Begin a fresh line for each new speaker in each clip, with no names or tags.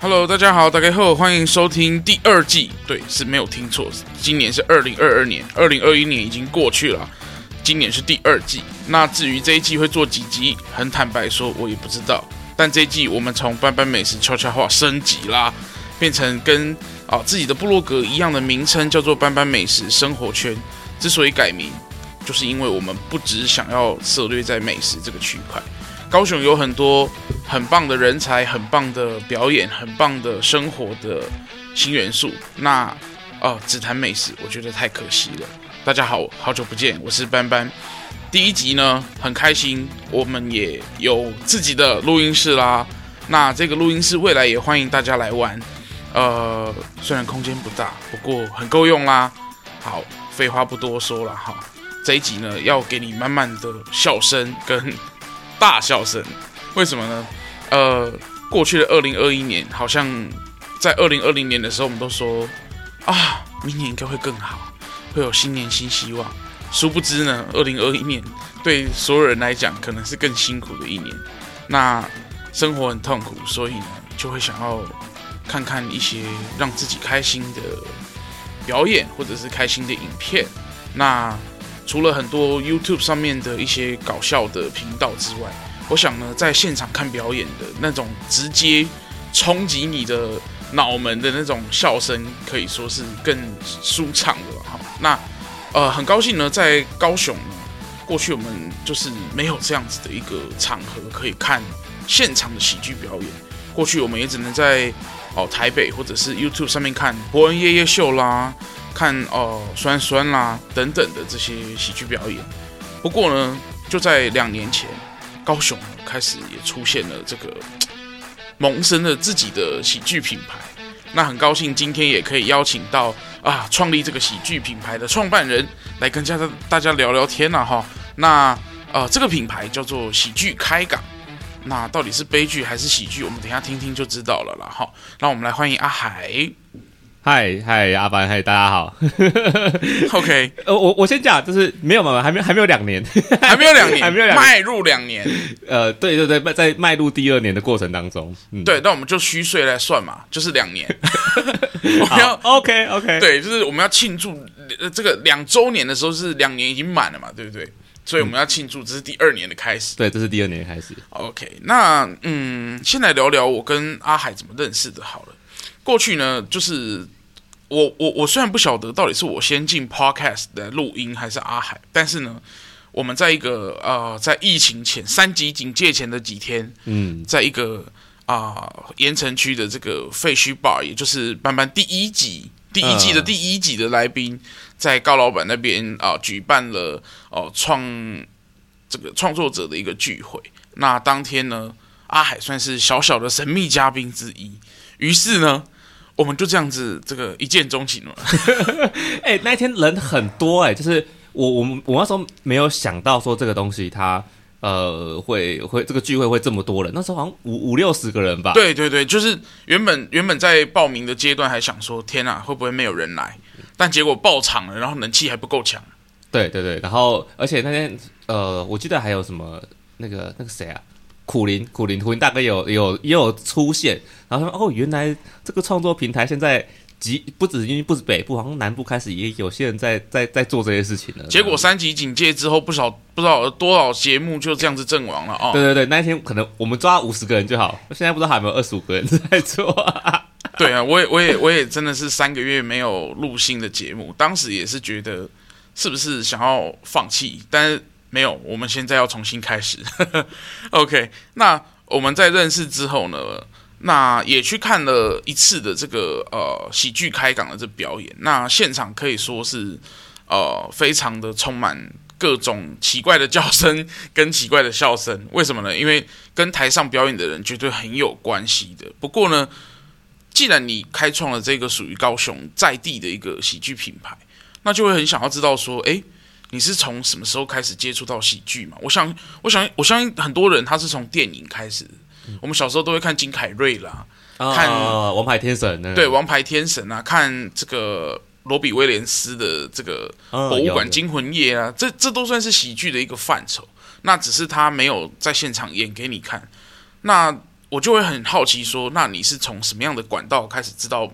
Hello，大家好，大家好，歡迎收聽第二季。對，是沒有聽錯，今年是二零二二年，二零二一年已經過去了。今年是第二季，那至於這一季會做幾集，很坦白說，我也不知道。但這一季我們從班班美食悄悄話升級啦，變成跟啊、呃、自己的部落格一樣的名稱，叫做班班美食生活圈。之所以改名，就是因為我們不只想要涉獵在美食這個區塊。高雄有很多很棒的人才、很棒的表演、很棒的生活的新元素。那哦、呃，只談美食，我覺得太可惜了。大家好，好久不見，我是班班。第一集呢，很開心，我們也有自己的錄音室啦。那這個錄音室未來也歡迎大家來玩，呃，雖然空間不大，不過很夠用啦。好，廢話不多說了哈。這一集呢，要給你滿滿的笑聲跟大笑聲，為什麼呢？呃，過去的二零二一年好像在二零二零年的時候，我們都說啊，明年應該會更好。會有新年新希望，殊不知呢，二零二一年對所有人來講可能是更辛苦的一年。那生活很痛苦，所以呢就會想要看看一些讓自己開心的表演或者是開心的影片。那除了很多 YouTube 上面的一些搞笑的頻道之外，我想呢，在現場看表演的那種直接衝擊你的腦門的那種笑聲，可以說是更舒暢的。那，呃，很高興呢，在高雄呢，過去我們就是沒有這樣子的一個場合可以看現場的喜劇表演。過去我們也只能在哦、呃、台北或者是 YouTube 上面看博恩夜夜秀啦，看哦、呃、酸酸啦等等的這些喜劇表演。不過呢，就在兩年前，高雄開始也出現了這個萌生了自己的喜劇品牌。那很高興今天也可以邀請到啊，創立這個喜劇品牌的創辦人來跟家大家聊聊天了啊哈。那呃，這個品牌叫做喜劇開港，那到底是悲劇還是喜劇，我們等一下聽聽就知道了啦哈。那我們來歡迎阿海。
嗨嗨，hi, hi, 阿凡，嗨，大家好。 OK，呃，我我先講，就是沒有嘛，還沒還沒有兩年，
還沒有兩年， 還沒有兩年。邁入兩年。
呃，對對對，邁在邁入第二年的過程當中，嗯、
對，那我們就虛歲來算嘛，就是兩年。 o、oh, k OK, okay. 對，就是我們要慶祝這個兩週年的時候是兩年已經滿了嘛，對不對？所以我們要慶祝，這是第二年的開始、嗯。
對，這是第二年的開始。
OK，那嗯，先來聊聊我跟阿海怎麼認識的好了。過去呢，就是。我我我雖然不曉得到底是我先進 Podcast 的錄音，還是阿海，但是呢，我們在一個呃在疫情前三級警戒前的幾天，嗯，在一個啊，鹽埕區的這個廢墟 bar，也就是班班第一集、第一季的第一集的來賓，在高老闆那邊啊，舉辦了哦、呃、創這個創作者的一個聚會。那當天呢，阿海算是小小的神秘嘉賓之一。於是呢。我們就這樣子，這個一見鍾情了。哎、 欸，那天人很
多，欸，哎，就是我，我，我那時候沒有想到說這個東西它呃會會這個聚會會這麼多人，那時候好像五五六十個人吧。對
對對，就是原本原本在報名的階段還想說天，天啊會不會沒有人來？但結果爆場了，然後人氣還不夠強。
對對對，然後而且那天呃，我記得還有什麼那個那個誰啊。苦苓，苦苓，苦苓，大概有有也有出現。然後說，哦，原來這個創作平台現在，不只因為不止北部，好像南部開始也有些人在在在做這些事情了。結
果三級警戒之後不，不少不知道多少節目就這樣子陣亡了、嗯、啊！對對
對，那一天可能我們抓五十個人就好。現在不知道還有沒有二十五個人在做、
啊？對啊，我也我也我也真的是三個月沒有錄新的節目。當時也是覺得是不是想要放棄，但是沒有，我們現在要重新開始。 OK，那我們在認識之後呢，那也去看了一次的這個呃喜劇開港的這表演。那現場可以說是呃非常的充滿各種奇怪的叫聲跟奇怪的笑聲。為什麼呢？因為跟台上表演的人絕對很有關係的。不過呢，既然你開創了這個屬於高雄在地的一個喜劇品牌，那就會很想要知道說，哎、欸。你是從什麼時候開始接觸到喜劇嘛？我想，我想，我相信很多人他是從電影開始。嗯、我們小時候都會看金凱瑞啦，啊、看、啊《王牌天神》啊對，《王牌天神》啊，看這個羅比威廉斯的這個《博物館驚魂夜》啊，啊這這都算是喜劇的一個範疇。那只是他沒有在現場演給你看。那我就會很好奇說，那你是從什麼樣的管道開始知道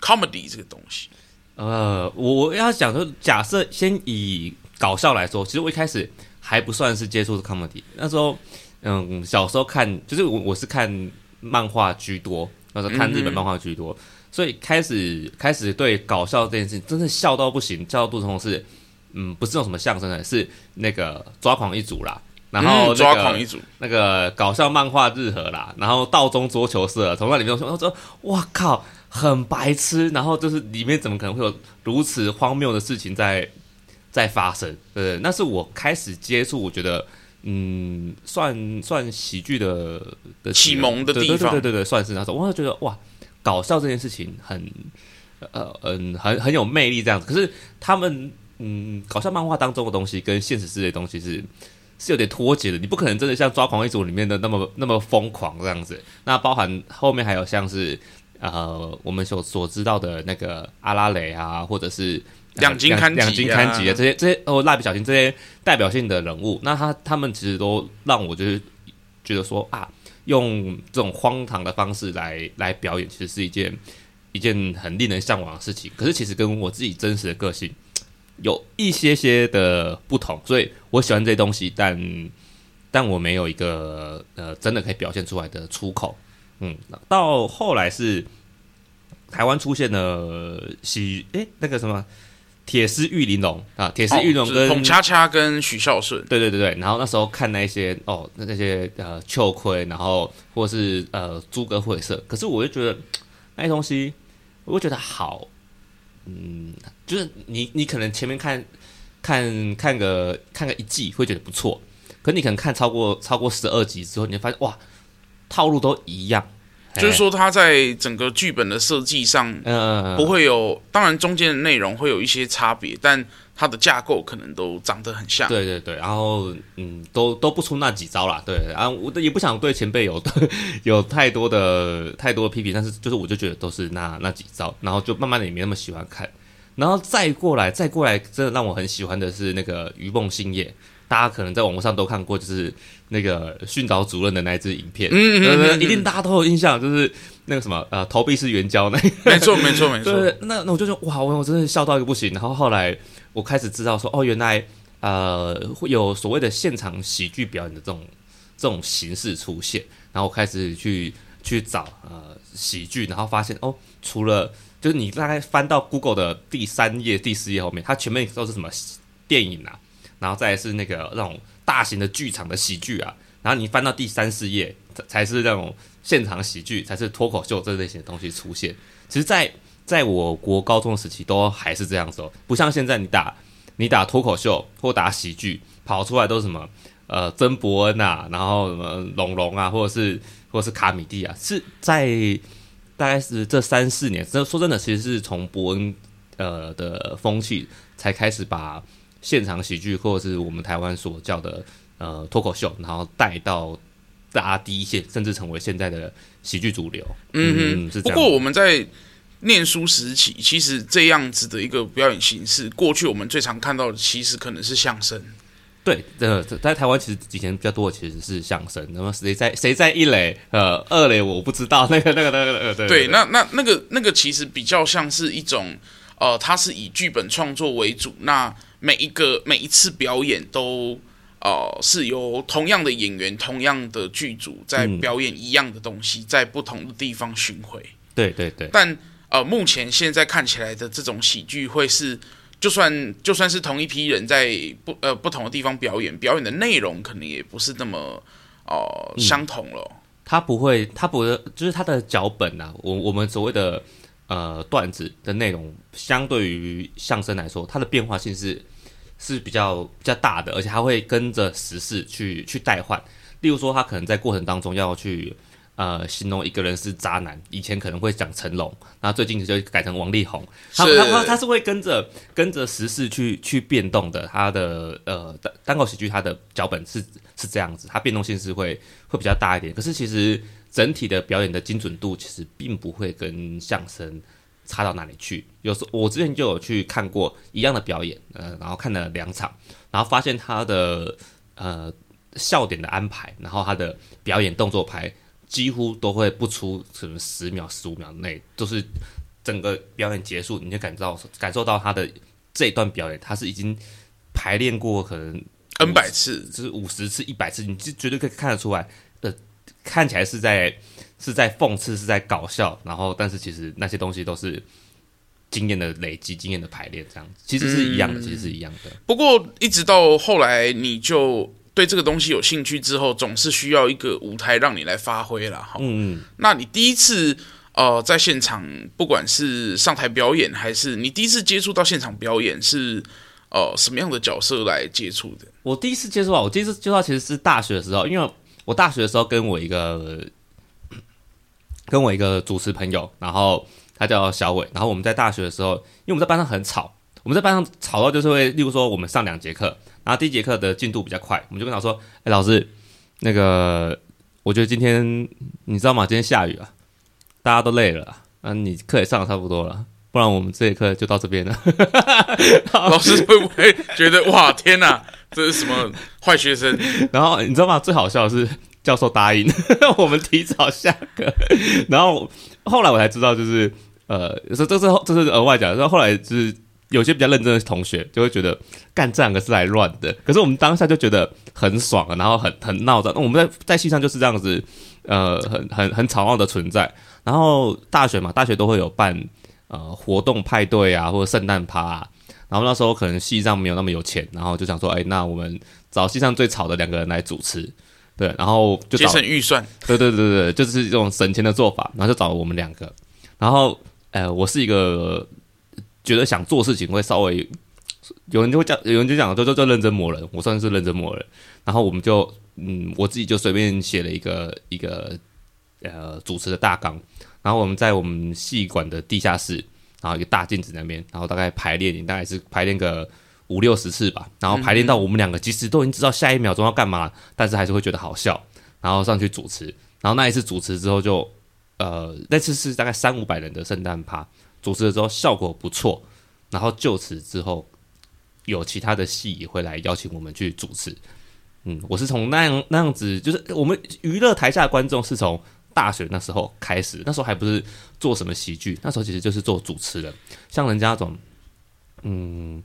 comedy 這個東西？呃、啊，
我要想說，假設先以。搞笑來說，其實我一開始還不算是接觸 comedy。那時候，嗯，小時候看就是我我是看漫畫居多，那時候看日本漫畫居多，嗯嗯，所以開始開始對搞笑這件事情真的笑到不行，笑到肚子痛是，嗯，不是用什麼相聲的，是那個抓狂一族啦，然後、那個嗯、抓狂一族，那個搞笑漫畫日和啦，然後道中桌球社，從那裡面說，我說哇靠，很白痴，然後就是裡面怎麼可能會有如此荒謬的事情在？在發生，對，對，那是我開始接觸，我覺得，嗯，算算喜劇的的啟蒙的地方，對對對，對，對算是那種，我就覺得哇，搞笑這件事情很，呃嗯，很很有魅力這樣子。可是他們，嗯，搞笑漫畫當中的東西跟現實世界的東西是是有點脫節的，你不可能真的像《抓狂一族》裡面的那麼那麼瘋狂這樣子。那包含後面還有像是，呃，我們所所知道的那個阿拉蕾啊，或者是。兩津勘吉兩,兩津勘吉啊這，這些這些哦，蠟筆小新這些代表性的人物，那他他們其實都讓我就是覺得說啊，用這種荒唐的方式來來表演，其實是一件一件很令人嚮往的事情。可是其實跟我自己真實的個性有一些些的不同，所以我喜歡這些東西，但但我沒有一個呃真的可以表現出來的出口。嗯，到後來是台灣出現了喜哎那個什麼。鐵獅玉玲瓏啊，鐵獅玉玲瓏跟澎、哦、恰
恰跟許效舜，
對對對對。然後那時候看那一些哦，那些呃秋葵，然後或是呃豬哥會社，可是我就覺得那些東西，我會覺得好，嗯，就是你你可能前面看看看個看個一季會覺得不錯，可是你可能看超過超過十二集之後，你就發現哇，套路都一樣。就是說，
他在整個劇本的設計上，不會有，嗯嗯嗯嗯，當然中間的內容會有一些差別，但它的架構可能都長得很像。對對對，然
後嗯，都都不出那幾招啦，對啊，我也不想對前輩有 有太多的太多的批評，但是就是我就覺得都是那那幾招，然後就慢慢的也沒那麼喜歡看，然後再過來再過來，真的讓我很喜歡的是那個《魚蹦興業》。大家可能在網絡上都看過，就是那個訓導主任的那一支影片，嗯嗯，一定大家都有印象，就是那個什麼呃，投幣式援交。那，沒錯沒錯沒錯。那那我就說，哇，我我真的笑到一個不行。然後後來我開始知道說，哦，原來呃會有所謂的現場喜劇表演的這種這種形式出現。然後我開始去去找呃喜劇，然後發現哦，除了就是你大概翻到 Google 的第三頁、第四頁後面，它前面都是什麼電影啊？然後再是那個那種大型的劇場的喜劇啊，然後你翻到第三四頁才，才是那種現場喜劇，才是脫口秀這類型的東西出現。其實在，在在我國高中時期都還是這樣子，哦，不像現在你打你打脫口秀或打喜劇跑出來都是什麼呃曾博恩啊，然後什麼龍龍啊，或者是或者是卡米地啊，是在大概是這三四年，真說真的，其實是從博恩呃的風氣才開始把。現場喜劇，或者是我們台灣所叫的呃脫口秀，然後帶到大家第一線，甚至成為現在的喜劇主流。嗯，嗯，不過我們
在念書時期，其實這樣子的一個表演形式，過去我們最常看到的，其實可能是相聲。
對，呃，在台灣其實以前比較多的其實是相聲。那麼誰在誰在一壘？呃，二壘我不知道。那個那個、那個、那個，對，對，對，對，那
那那個那個其實比較像是一種呃，它是以劇本創作為主。那每一個每一次表演都，哦、呃，是由同樣的演員、同樣的劇組在表演一樣的東西，嗯、在不同的地方巡迴。
對對對。
但呃，目前現在看起來的這種喜劇會是，就算就算是同一批人在不呃不同的地方表演，表演的內容可能也不是那麼哦、呃、相同了、嗯。
他不會，他不會，就是他的腳本呢、啊？我我們所謂的呃段子的內容，相對於相聲來說，它的變化性是。是比較比較大的，而且他會跟着時事去去代換。例如說，他可能在過程當中要去呃形容一個人是渣男，以前可能會講成龍，那最近就改成王力宏。他是他他，他是會跟着跟着時事去去變動的。他的呃單單口喜劇，他的腳本是是這樣子，他變動性是會會比較大一點。可是其實整體的表演的精準度，其實並不會跟相聲。插到哪裡去？有時候我之前就有去看過一樣的表演，呃，然後看了兩場，然後發現他的呃笑點的安排，然後他的表演動作排幾乎都會不出什麼十秒、十五秒內，就是整個表演結束，你就感到感受到他的這一段表演，他是已經排練過可能 50, N 百次，就是五十次、一百次，你就絕對可以看得出來，的、呃，看起來是在。是在諷刺，是在搞笑，然後，但是其實那些東西都是經驗的累積，經驗的排練，這樣子其實是一樣的，其實是一
樣的。嗯、樣的不過，一直到後來，你就對這個東西有興趣之後，總是需要一個舞台讓你來發揮了哈。好嗯，那你第一次呃在現場，不管是上台表演，還是你第一次接觸到現場表演，是呃什麼樣的角色來接觸的？我第一次接觸到，我第一次接觸到其實是大學的時候，因為
我大學的時候跟我一個。跟我一個主持朋友，然後他叫小偉，然後我們在大學的時候，因為我們在班上很吵，我們在班上吵到就是會，例如說我們上兩節課，然後第一節課的進度比較快，我們就跟他說：“哎，老師，那個我覺得今天你知道嗎？今天下雨了、啊，大家都累了，那、啊、你課也上得差不多了，不然我們這節課就到這邊了。
後”老師會不會覺得 哇，天吶，這是什麼壞學生？
然後你知道嗎？最好笑的是。教授答應
我們提早下課，
然後後來我才知道，就是呃，這是這是額外講。然後後來就是有些比較認真的同學就會覺得幹這兩個是來亂的，可是我們當下就覺得很爽，啊、然後很很鬧着。那我們在在系上就是這樣子，呃，很很很吵鬧的存在。然後大學嘛，大學都會有辦呃活動派對啊，或者聖誕趴。然後那時候可能系上沒有那麼有錢，然後就想說，哎、欸，那我們找系上最吵的兩個人來主持。對，然後就節省預算。對對對對，就是這種省錢的做法。然後就找了我們兩個。然後，呃我是一個覺得想做事情會稍微有人就會講，有人就講，就就就認真磨人。我算是認真磨人。然後我們就，嗯，我自己就隨便寫了一個一個呃主持的大綱。然後我們在我們戲館的地下室，然後一個大鏡子那邊，然後大概排練，你大概是排練個，五六十次吧，然後排練到我們兩個其實、嗯、哼都已經知道下一秒鐘要幹嘛，但是還是會覺得好笑，然後上去主持。然後那一次主持之後就，就呃那次是大概三五百人的聖誕趴，主持了之後效果不錯，然後就此之後有其他的戲也會來邀請我們去主持。嗯，我是從那樣那樣子，就是我們娛樂台下的觀眾是從大學那時候開始，那時候還不是做什麼喜劇，那時候其實就是做主持人，像人家那種嗯。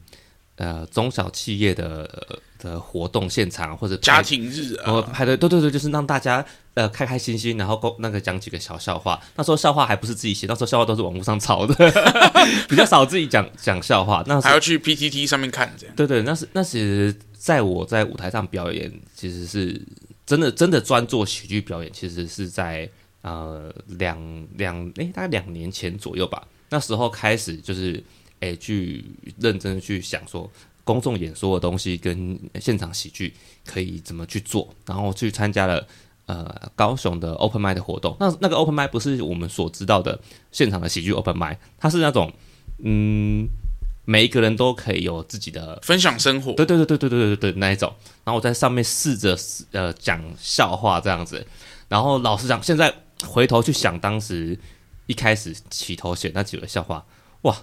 呃，中小企業的、呃、的活動現場或者家庭日，哦，對對對對對，就是讓大家呃開開心心，然後那個講幾個小笑話。那時候笑話還不是自己寫，那時候笑話都是網絡上抄的， 比較少自己講講笑話。那時還要
去 PTT 上面看，這樣。
對對，那是那其實在我在舞台上表演，其實是真的真的專做喜劇表演，其實是在呃兩兩哎，大概兩年前左右吧。那時候開始就是。誒、欸，去認真的去想說，公眾演說的東西跟現場喜劇可以怎麼去做？然後去參加了呃高雄的 Open Mind 的活動。那那個 Open Mind 不是我們所知道的現場的喜劇 Open Mind 它是那種嗯，每一個人都可以有自己的分享生活，對對對對對對對對那一種。然後我在上面試着呃講笑話這樣子。然後老實講，現在回頭去想當時一開始起頭寫那幾個笑話，哇！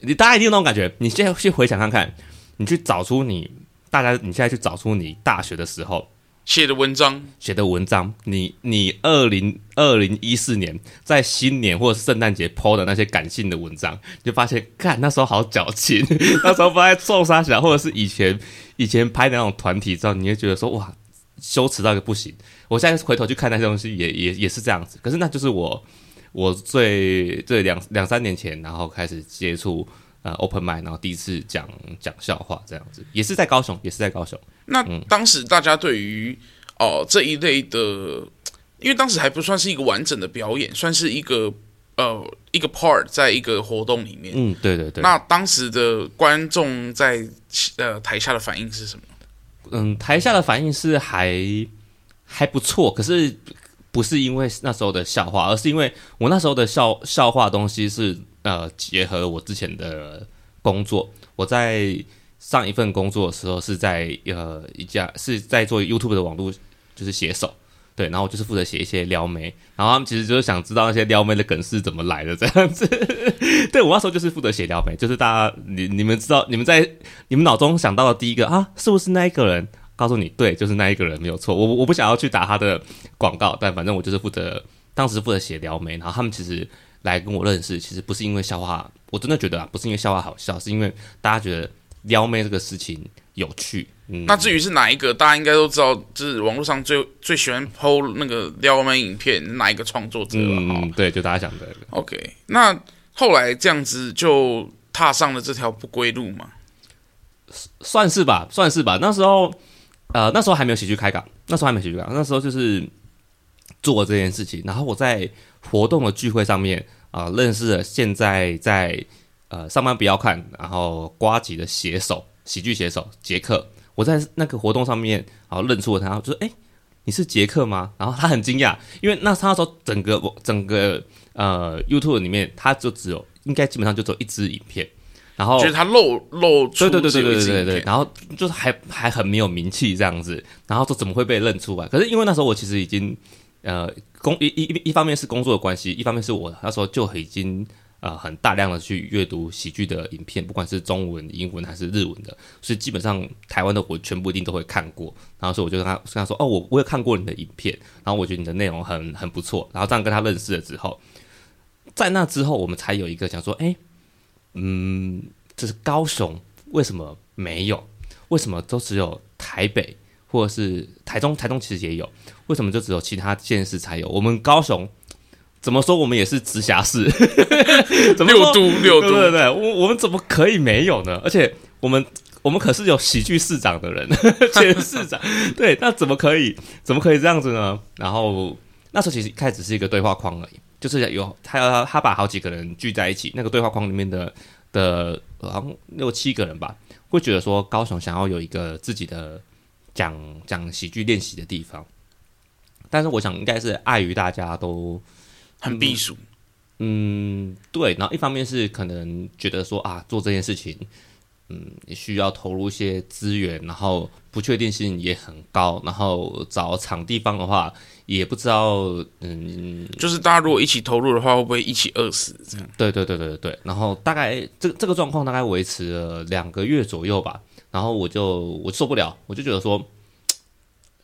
你大家一定有那種感覺，你現在去回想看看，你去找出你大家，你現在去找出你大學的時候
寫的文章，
寫的文章，你你二零二零一四年在新年或者聖誕節 po 的那些感性的文章，你就發現看那時候好矯情， 那時候不在臭殺小，或者是以前以前拍的那種團體照，你就覺得說哇羞恥到一個不行。我現在回頭去看那些東西也，也也也是這樣子，可是那就是我。我最這兩兩三年前，然後開始接觸呃，open mic 然後第一次講講笑話這樣子，也是在高雄，也是在高雄。那
當時大家對於、嗯、哦這一類的，因為當時還不算是一個完整的表演，算是一個呃一個 part 在一個活動裡面。嗯，對對對。那當時的觀眾在呃台下的反應是什麼？嗯，
台下的反應是還還不錯，可是。不是因為那時候的笑話，而是因為我那時候的笑笑話東西是呃結合我之前的工作。我在上一份工作的時候是在呃一家是在做 YouTube 的網絡就是寫手，對，然後我就是負責寫一些撩妹，然後他們其實就是想知道那些撩妹的梗是怎麼來的這樣子。 對，我那時候就是負責寫撩妹，就是大家你你們知道你們在你們腦中想到的第一個啊是不是那一個人？告訴你，對，就是那一個人沒有錯。我我不想要去打他的廣告，但反正我就是負責當時負責寫撩妹。然後他們其實來跟我認識，其實不是因為笑話。我真的覺得啊，不是因為笑話好笑，是因為大家覺得撩妹這個事情有趣。嗯、那
至於是哪一個，大家應該都知道，就是網絡上最最喜歡 PO 那個撩妹影片哪一個創作
者了、啊嗯。對，就大家講的。
OK，那後來這樣子就踏上了這條不歸路嘛？
算是吧，算是吧。那時候。呃，那時候還沒有喜劇開港，那時候還沒有喜劇開港，那時候就是做了這件事情。然後我在活動的聚會上面啊、呃，認識了現在在呃上班不要看，然後呱吉的寫手喜劇寫手傑克。我在那個活動上面啊，然後認出了他，就說：“哎、欸，你是傑克嗎？”然後他很驚訝，因為那他那時候整個我整個呃 YouTube 裡面，他就只有應該基本上就只有一支影片。然後就是他
露露出的對對對對對對，對，
然後就是還還很沒有名氣這樣子，然後說怎麼會被認出來？可是因為那時候我其實已經呃工一一一方面是工作的關係，一方面是我那時候就已經呃很大量的去閱讀喜劇的影片，不管是中文、英文還是日文的，所以基本上台灣的我全部一定都會看過。然後所以我就跟他跟他說：“哦，我我也看過你的影片，然後我覺得你的內容很很不錯。”然後這樣跟他認識了之後，在那之後我們才有一個想說：“哎。”嗯，就是高雄，為什麼沒有？為什麼都只有台北或者是台中？台中其實也有，為什麼就只有其他縣市才有？我們高雄怎麼說？我們也是直轄市 怎麼說六，六都六都對不對，對？我們我們怎麼可以沒有呢？而且我們我們可是有喜劇市長的人，前市長 對，那怎麼可以？怎麼可以這樣子呢？然後那時候其實開始是一個對話框而已。就是有他，他把好幾個人聚在一起，那個對話框裡面的的好像六七個人吧，會覺得說高雄想要有一個自己的講講喜劇練習的地方，但是我想應該是礙於大家都、嗯、很避暑，嗯，對，然後一方面是可能覺得說啊做這件事情，嗯，你需要投入一些資源，然後。不確定性也很高，然後找場地方的話也不知道，嗯，
就是大家如果一起
投入的話，會不會一起餓死？這樣對對對對對對。然後大概這，這個這個狀況大概維持了兩個月左右吧，然後我就我受不了，我就覺得說，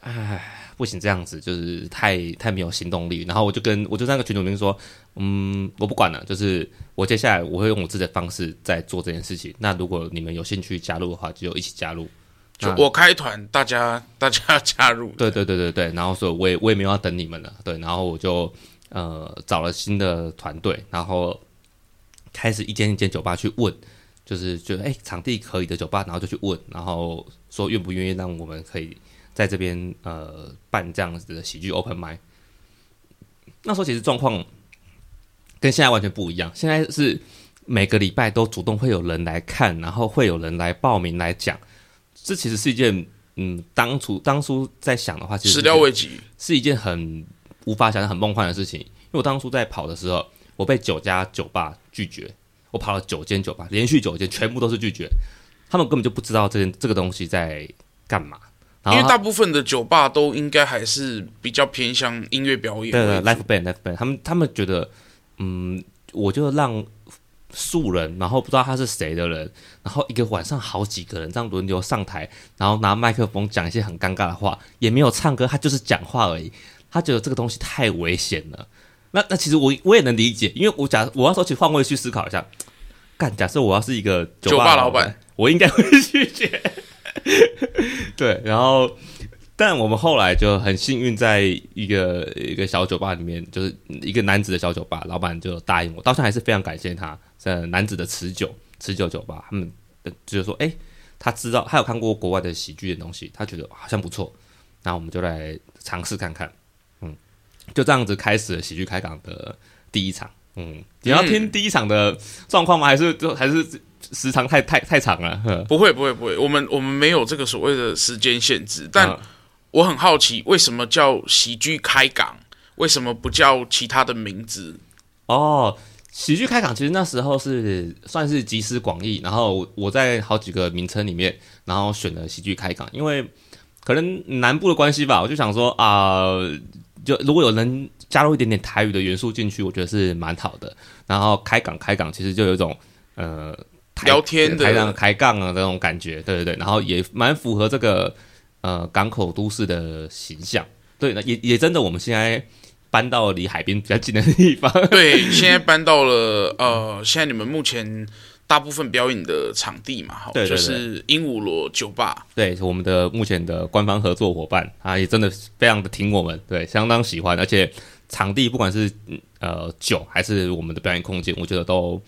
哎，不行這樣子，就是太太沒有行動力。然後我就跟我就在那個群裡面說，嗯，我不管了，就是我接下來我會用我自己的方式在做這件事情。那如果你們有興趣加入的話，就一起加入。
就我開團那，大家大家要加入。
對，對對對對對，然後所以我也我也沒有要等你們了。對，然後我就呃找了新的團隊，然後開始一間一間酒吧去問，就是覺得哎場地可以的酒吧，然後就去問，然後說願不願意讓我們可以在這邊呃辦這樣子的喜劇 open mic。那時候其實狀況跟現在完全不一樣，現在是每個禮拜都主動會有人來看，然後會有人來報名來講。這其實是一件，嗯，當初當初在想的話，其實、就是、始料未及，是一件很無法想象、很夢幻的事情。因為我當初在跑的時候，我被九家酒吧拒絕，我跑了九間酒吧，連續九間全部都是拒絕，他們根本就不知道這件這個東西在幹嘛。因為大
部分的酒吧都應該還是比較偏向音樂表演，對
，live band，live band，他們他們覺得，嗯，我就讓。素人，然後不知道他是誰的人，然後一個晚上好幾個人這樣輪流上台，然後拿麥克風講一些很尷尬的話，也沒有唱歌，他就是講話而已。他覺得這個東西太危險了。那那其實我我也能理解，因為我假我要說去換位去思考一下，乾假設我要是一個酒吧老板，酒吧老板我應該會拒絕。對，然後。但我們後來就很幸運，在一個一個小酒吧裡面，就是一個男子的小酒吧，老板就答應我，我到現在還是非常感謝他，在男子的持久持久酒吧，他們就說：“誒、欸，他知道，他有看過國外的喜劇的東西，他覺得好像不錯。”那我們就來嘗試看看，嗯，就這樣子開始了喜劇開港的第一場。嗯，你要聽第一場的狀況嗎？嗯，還還是就還是時長太太太長了？呵不
會不會不會，我們我們沒有這個所謂的時間限制，但。嗯我很好奇，為什麼叫喜劇開港？為什麼不叫其他的名字？
哦，喜劇開港其實那時候是算是集思廣益，然後我在好幾個名稱裡面，然後選了喜劇開港，因為可能南部的關係吧，我就想說啊、呃，就如果有人加入一點點台語的元素進去，我覺得是蠻好的。然後開港開港，其實就有一種呃台聊天的，呃、台上的開港槓啊這種感覺，對對對，然後也蠻符合這個。呃，港口都市的形象，對那也也真的，我們現在搬到離海邊比較近的地方。
對， 現在搬到了呃，現在你們目前大部分表演的場地嘛，好，對對對就是鸚鵡螺酒吧。
對，我們的目前的官方合作夥伴啊，也真的非常的挺我們，對，相當喜歡，而且場地不管是呃酒還是我們的表演空間，我覺得都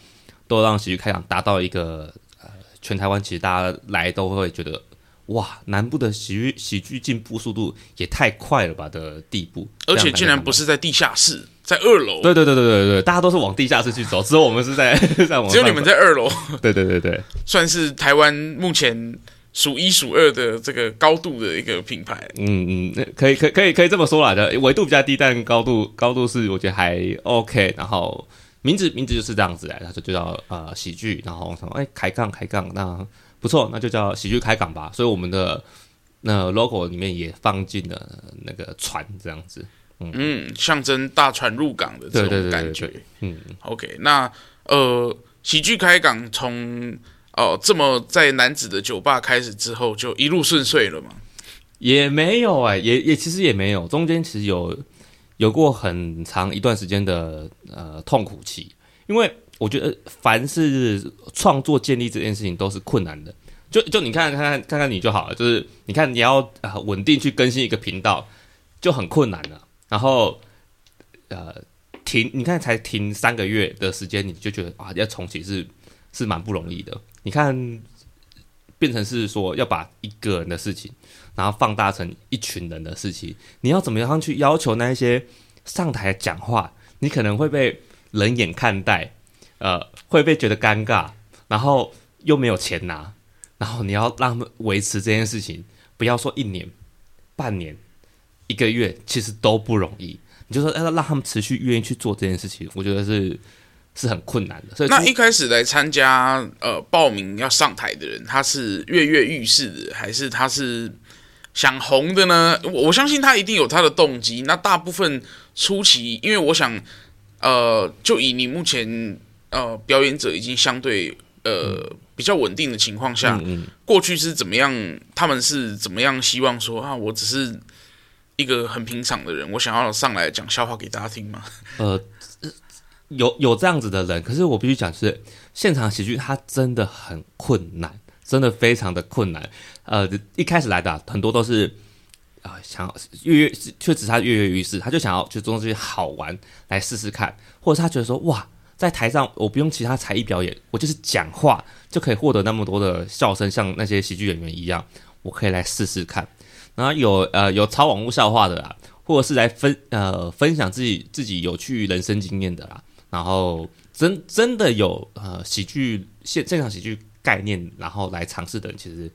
都讓喜劇開港達到一個呃，全台灣其實大家來都會覺得。哇，南部的喜劇喜劇進步速度也太快了吧的地步，而且竟然，
不是在地下室，在二樓。對對對
對對對，大家都是往
地下室去走，只有我們是在
在 只有你們在二樓。 對，對對對對，
算是台灣目前數一數二的這個高度的一個品牌。嗯
嗯，可以可可以可以這麼說，來的，維度比較低，但高度高度是我覺得還 OK。然後名字名字就是這樣子來，那就叫啊、呃、喜劇。然後什麼？哎，開港開港，那。不錯，那就叫喜劇開港吧。嗯、所以我們的那個、logo 裡面也放進了那個船，這
樣子，嗯，嗯，象徵大船入港的這種感覺。對對對對，
嗯
，OK，那呃，喜劇開港從哦這麼在男子的酒吧開始之後，就一路順遂了嗎？
也沒有哎、欸，也也其實也沒有，中間其實有有過很長一段時間的呃痛苦期，因為。我覺得，凡是創作建立這件事情都是困難的。就就你看，看看看看你就好了。就是你看，你要啊、呃、穩定去更新一個頻道，就很困難了。然後，呃，停，你看才停三個月的時間，你就覺得啊要重啟是是蠻不容易的。你看，變成是說要把一個人的事情，然後放大成一群人的事情。你要怎麼樣去要求那一些上台講話，你可能會被冷眼看待。呃，會不會覺得尷尬？然後又沒有錢拿，然後你要讓維持這件事情，不要說一年、半年、一個月，其實都不容易。你就說，讓他們持續願意去做這件事情，我覺得是是很困難的。所以，那一
開始來參加呃報名要上台的人，他是躍躍欲試的，還是他是想紅的呢？我我相信他一定有他的動機。那大部分初期，因為我想，呃，就以你目前。呃，表演者已經相對呃、嗯、比較穩定的情況下，嗯嗯、過去是怎麼樣？他們是怎麼樣希望說啊，我只是一個很平常的人，我想要上來講笑話給大家聽嗎？
呃，有有這樣子的人，可是我必須講是，現場喜劇它真的很困難，真的非常的困難。呃，一開始來的、啊、很多都是啊、呃，想要躍卻只他躍躍欲試，他就想要去做這些好玩，來試試看，或者他覺得說哇。在台上，我不用其他才藝表演，我就是講話就可以獲得那麼多的笑聲，像那些喜劇演員一樣，我可以來試試看。然後有呃有抄網絡笑話的啦，或者是來分呃分享自己自己有趣人生經驗的啦。然後真真的有呃喜劇現現場喜劇概念，然後來嘗試的，其實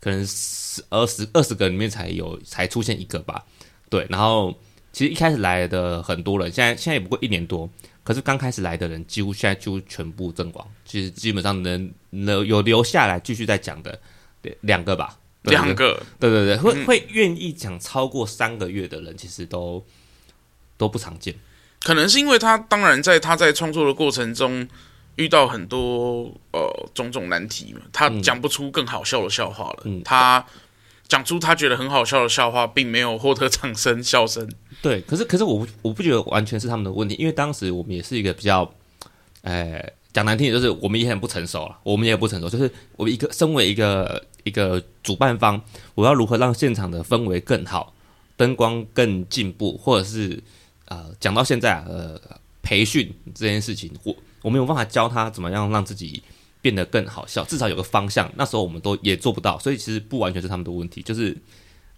可能十二十二十個裡面才有才出現一個吧。對，然後其實一開始來的很多人，現在現在也不過一年多。可是剛開始來的人，幾乎現在幾乎全部陣亡。其實基本上能能有留下來繼續在講的兩兩個吧，兩個，對對對，會、嗯、會
願意講超過三個月的人，其實都都不常見。可能是因為他，當然在他在創作的過程中遇到很多呃種種難題嘛，他講不出更好笑的笑話了。嗯、他講出他覺得很好笑的笑話，並沒有獲得掌聲笑聲。
對，可是可是我我不覺得完全是他們的問題，因為當時我們也是一個比較，呃講難聽點就是我們也很不成熟了，我們也不成熟，就是我們一個身為一個一個主辦方，我要如何讓現場的氛圍更好，燈光更進步，或者是，呃，講到現在呃，培訓這件事情，我我沒有辦法教他怎麼樣讓自己變得更好笑，至少有個方向，那時候我們都也做不到，所以其實不完全是他們的問題，就是。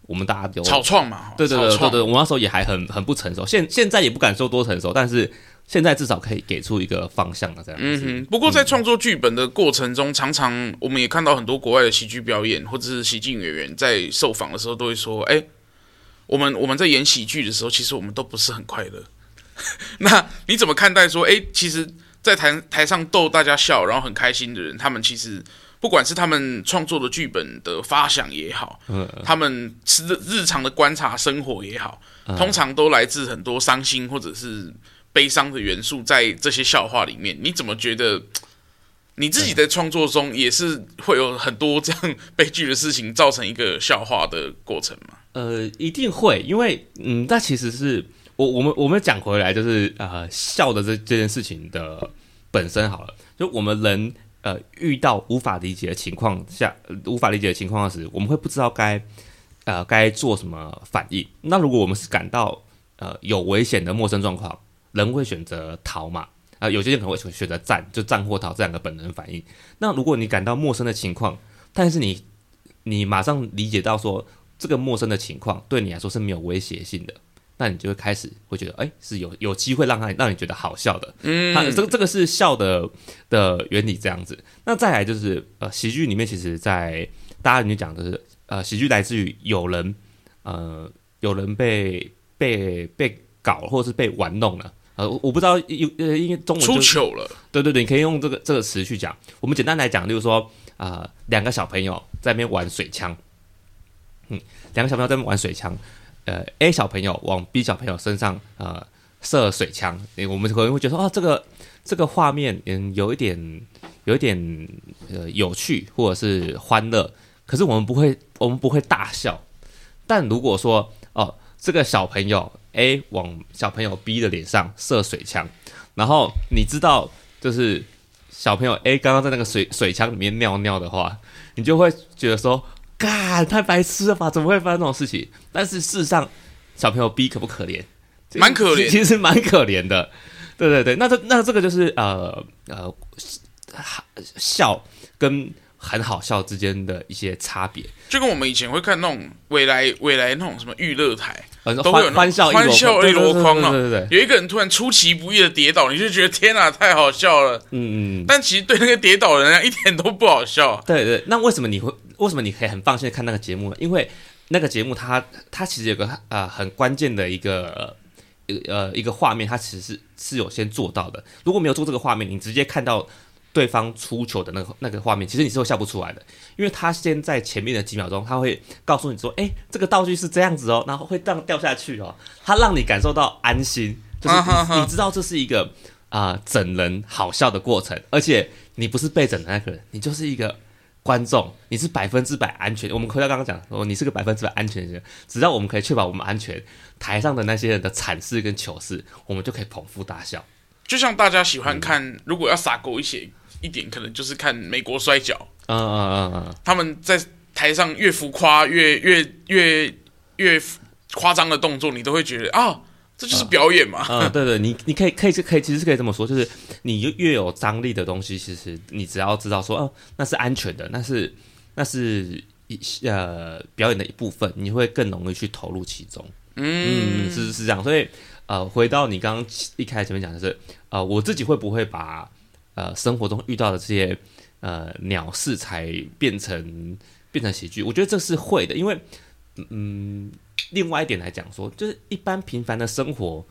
我們大家都有草創嘛。對對對對對，草創我那時候也還很很不成熟現，現現在也不敢說多成熟，但是現在至少可以給出一個方向了，啊、這
樣。嗯哼。不過在創作劇本的過程中，嗯、常常我們也看到很多國外的喜劇表演或者是喜劇演員在受訪的時候都會說：“哎、欸，我們我們在演喜劇的時候，其實我們都不是很快樂。 ”那你怎麼看待說：“哎、欸，其實，在台台上逗大家笑，然後很開心的人，他們其實？”不管是他們創作的劇本的發想也好，嗯、他們是日常的觀察生活也好，嗯、通常都來自很多傷心或者是悲傷的元素在這些笑話裡面。你怎麼覺得你自己在創作中也是會有很多這樣悲劇的事情造成一個笑話的過程嗎？
呃，一定會，因為嗯，那其實是我我們我們講回來就是呃笑的這這件事情的本身好了，就我們人。呃，遇到無法理解的情況下，呃、無法理解的情況時，我們會不知道該，呃，該做什麼反應。那如果我們是感到呃有危險的陌生狀況，人會選擇逃嘛？啊、呃，有些人可能會選擇戰，就戰或逃這兩個本能反應。那如果你感到陌生的情況，但是你你馬上理解到說這個陌生的情況對你來說是沒有威脅性的。那你就會開始會覺得，哎，是有有機會讓他讓你覺得好笑的。嗯，那這個這個是笑的的原理這樣子。那再來就是，呃，喜劇裡面其實在，在大家人就講的，就是，呃，喜劇來自於有人，呃，有人被被被搞或是被玩弄了。呃，我不知道有因為中文，就是、出糗了。對對對，你可以用這個這個詞去講。我們簡單來講，例如說，呃，兩個小朋友在那邊玩水槍，嗯，兩個小朋友在那邊玩水槍。呃，A 小朋友往 B 小朋友身上呃射水槍，我們可能會覺得啊、哦、這個這個畫面嗯有一點有一點呃有趣或者是歡樂，可是我們不會我們不會大笑。但如果說哦，這個小朋友 A 往小朋友 B 的臉上射水槍，然後你知道就是小朋友 A 剛剛在那個水水槍裡面尿尿的話，你就會覺得說。啊！太白痴了吧？怎麼會發生這種事情？但是事實上小朋友逼可不可憐？蠻可憐其，其實蠻可憐的。對對對，那這那這個就是呃呃，笑跟。很好笑之間的一些差
別，就跟我們以前會看那種未來未來那種什麼娛樂台，都會有歡笑一歡笑一籮筐，對對？有一個人突然出其不意的跌倒，你就覺得天哪，啊，太好笑了，嗯嗯。但其實對那個跌倒的人啊，一點都不好笑。對，
對對，那為什麼你會為什麼你可以很放心的看那個節目呢？因為那個節目它它其實有個、呃、很關鍵的一個呃，呃一個畫面，它其實是是有先做到的。如果沒有做這個畫面，你直接看到。對方出糗的那個那個畫面，其實你是會笑不出來的，因為他先在前面的幾秒鐘，他會告訴你說，誒，這個道具是這樣子哦，然後會這樣掉下去哦，他讓你感受到安心，就是你、啊、哈哈你知道這是一個啊、呃、整人好笑的過程，而且你不是被整的那個人，你就是一個觀眾，你是百分之百安全。我們回到剛剛講，說，你是個百分之百安全的人，只要我們可以確保我們安全，台上的那些人的慘事跟糗事，我們就可以捧腹大笑。
就像大家喜歡看，嗯、如果要撒狗血。一點可能就是看美國摔角，嗯嗯嗯嗯，他們在台上越浮誇越越越越誇張的動作，你都會覺得啊，這就是表演嘛。嗯。嗯，
對對，對，你你可以可以可以，其實是可以這麼說，就是你越有張力的東西，其實你只要知道說，哦、嗯，那是安全的，那是那是一呃表演的一部分，你會更容易去投入其中。嗯，是是這樣，所以呃，回到你剛剛一開始前面講的是，呃，我自己會不會把。呃，生活中遇到的這些呃鳥事，才變成變成喜劇。我覺得這是會的，因為嗯，另外一點來講說，就是一般平凡的生活，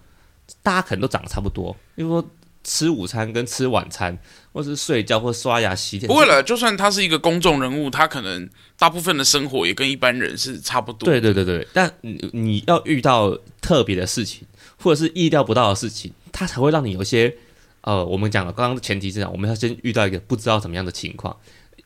大家可能都長得差不多。比如說吃午餐跟吃晚餐，或是睡覺或刷牙洗
臉。不會了，是就算他是一個公眾人物，他可能大部分的生活也跟一般人是差不多。對
對對對，但你你要遇到特別的事情，或者是意料不到的事情，他才會讓你有些。呃、哦，我們講了，剛剛的前提是講，我們要先遇到一個不知道怎麼樣的情況，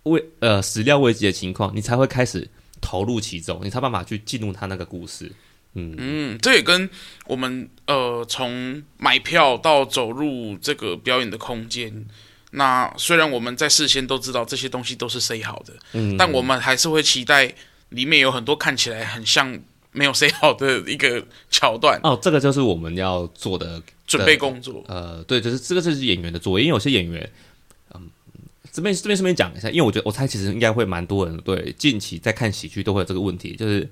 未呃始料未及的情況，你才會開始投入其中，你才有辦法去進入他那個故事。
嗯嗯，這也跟我們呃從買票到走入這個表演的空間，那雖然我們在事先都知道這些東西都是塞好的，
嗯、但我
們還是會期待裡面有很多看起來很像沒有塞好的一個橋段。哦，
這個就是我們要做的。的準備工作，呃，對，就是這個，這是演員的作業。因為有些演員，嗯，這邊這邊順便講一下，因為我覺得我猜其實應該會蠻多人對近期在看喜劇都會有這個問題，就是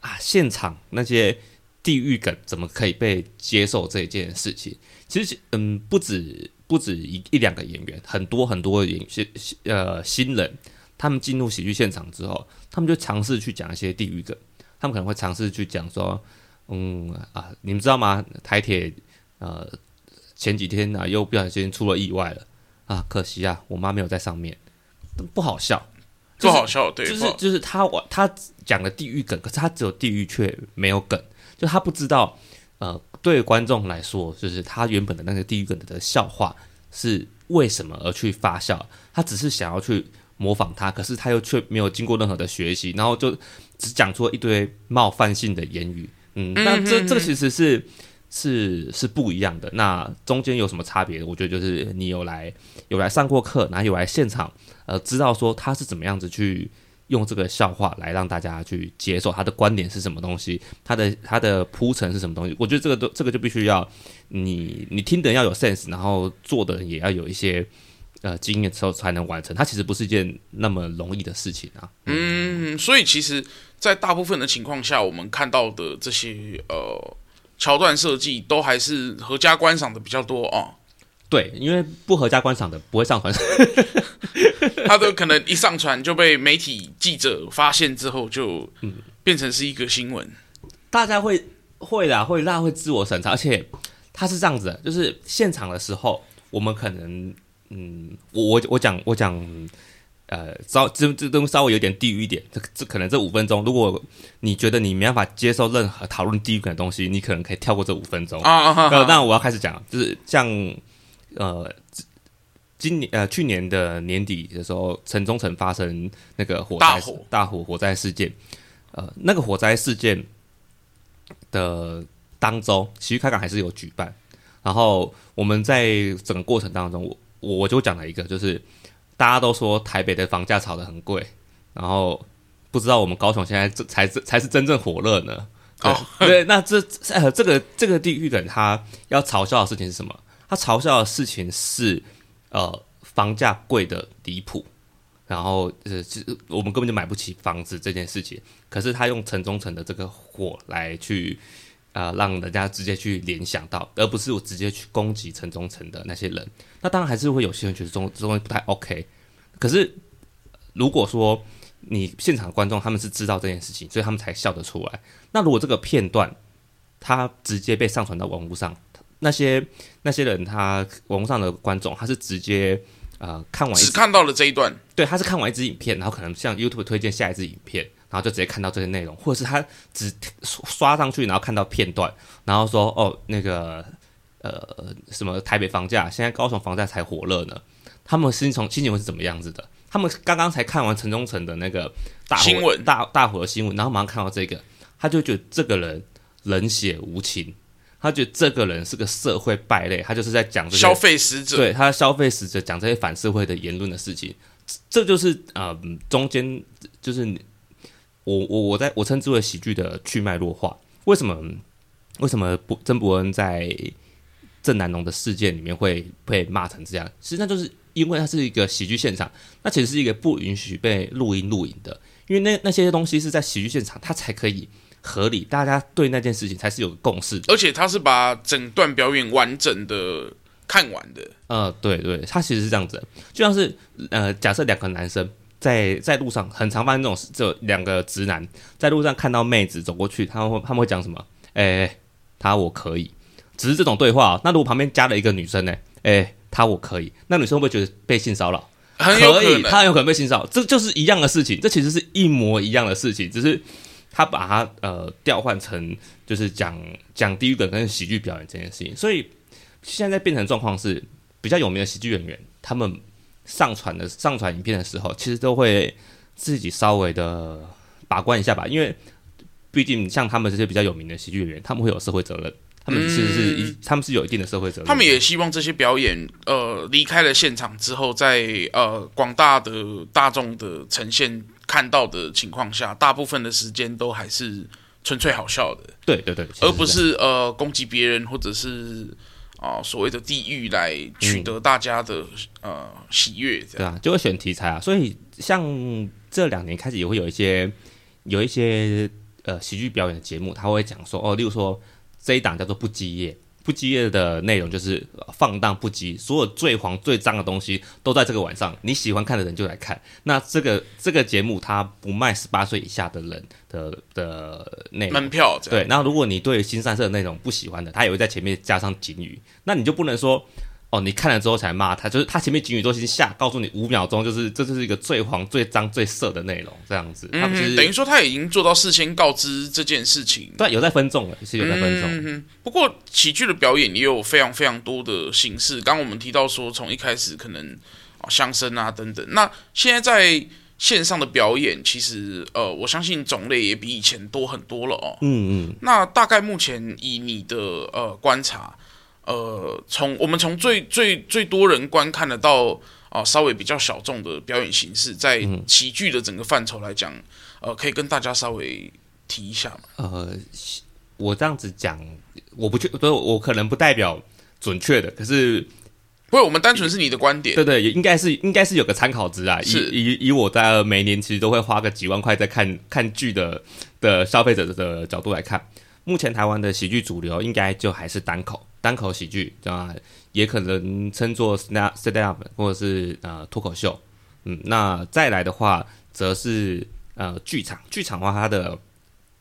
啊，現場那些地獄梗怎麼可以被接受這件事情。其實，嗯，不止不止一一兩個演員，很多很多演些呃新人，他們進入喜劇現場之後，他們就嘗試去講一些地獄梗，他們可能會嘗試去講說，嗯啊，你們知道嗎？台鐵。呃，前幾天呢、啊，又不小心出了意外了啊！可惜啊，我媽沒有在上面，不好笑，不、就是、好笑對，對，就是就是他，他講了地獄梗，可是他只有地獄卻沒有梗，就他不知道，呃，對觀眾來說，就是他原本的那個地獄梗的笑話是為什麼而去發笑，他只是想要去模仿他，可是他又卻沒有經過任何的學習，然後就只講出一堆冒犯性的言語，嗯，那這這其實是。嗯哼哼是是不一樣的，那中間有什麼差別？我覺得就是你有來有來上過課，然後有來現場，呃，知道說他是怎麼樣子去用這個笑話來讓大家去接受他的觀點是什麼東西，他的他的鋪陳是什麼東西？我覺得這個都這個就必須要你你聽的人要有 sense，然後做的也要有一些呃經驗之後才能完成。它其實不是一件那麼容易的事情啊。嗯，
所以其實在大部分的情況下，我們看到的這些呃。橋段設計都還是合家觀賞的比較多哦。
對，因為不合家觀賞的不會上傳，
他都可能一上傳就被媒體記者發現之後就嗯變成是一個新聞、嗯。
大家會會啦，會大家會自我審查，而且他是這樣子，就是現場的時候我們可能嗯，我我講我講我講。嗯呃，稍這這都稍微有點低於一點，這這可能這五分鐘，如果你覺得你沒辦法接受任何討論低一點的東西，你可能可以跳過這五分鐘。啊啊啊、呃！那我要開始講，就是像呃，今年呃去年的年底的時候，城中城發生那個火災，大火，大火火災事件。呃，那個火災事件的當中，喜劇開港還是有舉辦。然後我們在整個過程當中，我我就講了一個，就是。大家都說台北的房價炒得很貴，然後不知道我們高雄現在這才才才是真正火熱呢？對，oh. 對那這、呃、這個這個地域的人他要嘲笑的事情是什麼？他嘲笑的事情是，呃，房價貴的離譜，然後呃，我們根本就買不起房子這件事情。可是他用城中城的這個火來去。啊、呃，讓人家直接去聯想到，而不是我直接去攻擊城中城的那些人。那當然還是會有些人覺得中這東西不太 OK。可是，如果說你現場的觀眾他們是知道這件事情，所以他們才笑得出來。那如果這個片段他直接被上傳到網絡上，那些那些人他網絡上的觀眾他是直接啊、呃、看完一只，只看
到了這一段，
對，他是看完一支影片，然後可能向 YouTube 推薦下一支影片。然後就直接看到這些內容，或者是他只刷刷上去，然後看到片段，然後說：“哦，那個呃，什麼台北房價現在高雄房價才火熱呢？”他們心情從心情會是怎麼樣子的？他們剛剛才看完城中城的那個大火新聞，大大火的新聞，然後馬上看到這個，他就覺得這個人冷血無情，他覺得這個人是個社會敗類，他就是在講這個消費死者，對他消費死者講這些反社會的言論的事情，這就是啊、呃，中間就是。我我我在，我稱之為喜劇的去脈絡化。為什麼為什麼不，曾博恩在鄭南榕的事件裡面會被罵成這樣？實際上就是因為他是一個喜劇現場，那其實是一個不允許被錄音錄影的，因為那那些東西是在喜劇現場，他才可以合理，大家對那件事情才是有共識。
而且他是把整段表演完整的看完的。
呃，對對，他其實是這樣子，就像是呃，假設兩個男生。在在路上，很常發生這種，這兩個直男在路上看到妹子走過去，他們會他們會講什麼？哎、欸，他我可以，只是這種對話。那如果旁邊加了一個女生呢？哎、欸，他我可以，那女生會不會覺得被性騷擾？可，可以，他很有可能被性騷擾。這就是一樣的事情，這其實是一模一樣的事情，只是他把它呃調換成就是講講地獄梗，跟喜劇表演這件事情。所以現在，在變成狀況是比較有名的喜劇演員，他們。上傳的上傳影片的時候，其實都會自己稍微的把關一下吧，因為畢竟像他們這些比較有名的喜劇演員，他們會有社會責任，他們其實是一，他們是有一定的社會責任，嗯。他們也
希望這些表演，呃，離開了現場之後，在呃廣大的大眾的呈現看到的情況下，大部分的時間都還是純粹好笑的。
對對對，而不是
呃攻擊別人或者是。啊、哦，所謂的地獄來取得大家的、嗯、呃喜悅，對啊，
就會選題材啊。所以像這兩年開始也會有一些有一些呃喜劇表演的節目，他會講說，哦，例如說這一檔叫做不敬業。不羈夜的內容就是放蕩不羈，所有最黃最髒的東西都在這個晚上。你喜歡看的人就來看。那這個這個節目它不賣十八歲以下的人的的、的內容、門票。對，然後如果你對腥羶色的內容不喜歡的，它也會在前面加上警語。那你就不能說。哦，你看了之後才罵他，就是他前面警語都已經下告訴你五秒鐘，就是，就是這就是一個最黃、最髒、最色的內容，這樣子。他嗯，他就是、等
於說他已經做到事先告知這件事情。
對，有在分眾了，是有在分眾、嗯。
不過喜劇的表演也有非常非常多的形式。剛剛我們提到說，從一開始可能、哦、相聲啊等等，那現在在線上的表演，其實呃，我相信種類也比以前多很多了哦。嗯嗯。那大概目前以你的呃觀察。呃，從我們從最最最多人觀看的到啊，呃，稍微比較小眾的表演形式，在喜劇的整個範疇來講，呃，可以跟大家稍微提一下嗎？
呃，我這樣子講，我不確，不是我可能不代表準確的，可是不是我們單純是你的觀點，對，對對，應該是應該是有個參考值啊是。以以以我在每年其實都會花個幾萬塊在看看劇的的消費者的的角度來看。目前台灣的喜劇主流應該就還是單口，單口喜劇啊，也可能稱作 snap stand up 或者是呃脫口秀。嗯，那再來的話，則是呃劇場，劇場的話，它的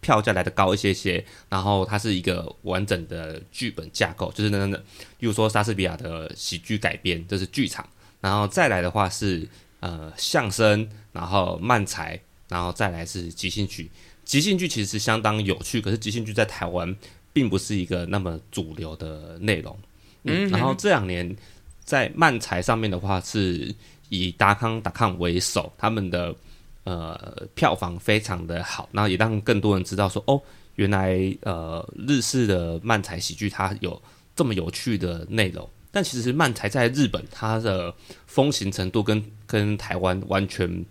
票價來得高一些些，然後它是一個完整的劇本架構，就是那那那，比如說莎士比亞的喜劇改編，這，就是劇場。然後再來的話是呃相聲，然後漫才，然後再來是即興劇，即興劇其實相當有趣，可是即興劇在台灣並不是一個那麼主流的內容。嗯，哼嗯，然後這兩年在漫才上面的話，是以達康達康為首，他們的呃票房非常的好，然後也讓更多人知道說哦，原來呃日式的漫才喜劇它有這麼有趣的內容。但其實漫才在日本它的風行程度跟跟台灣完全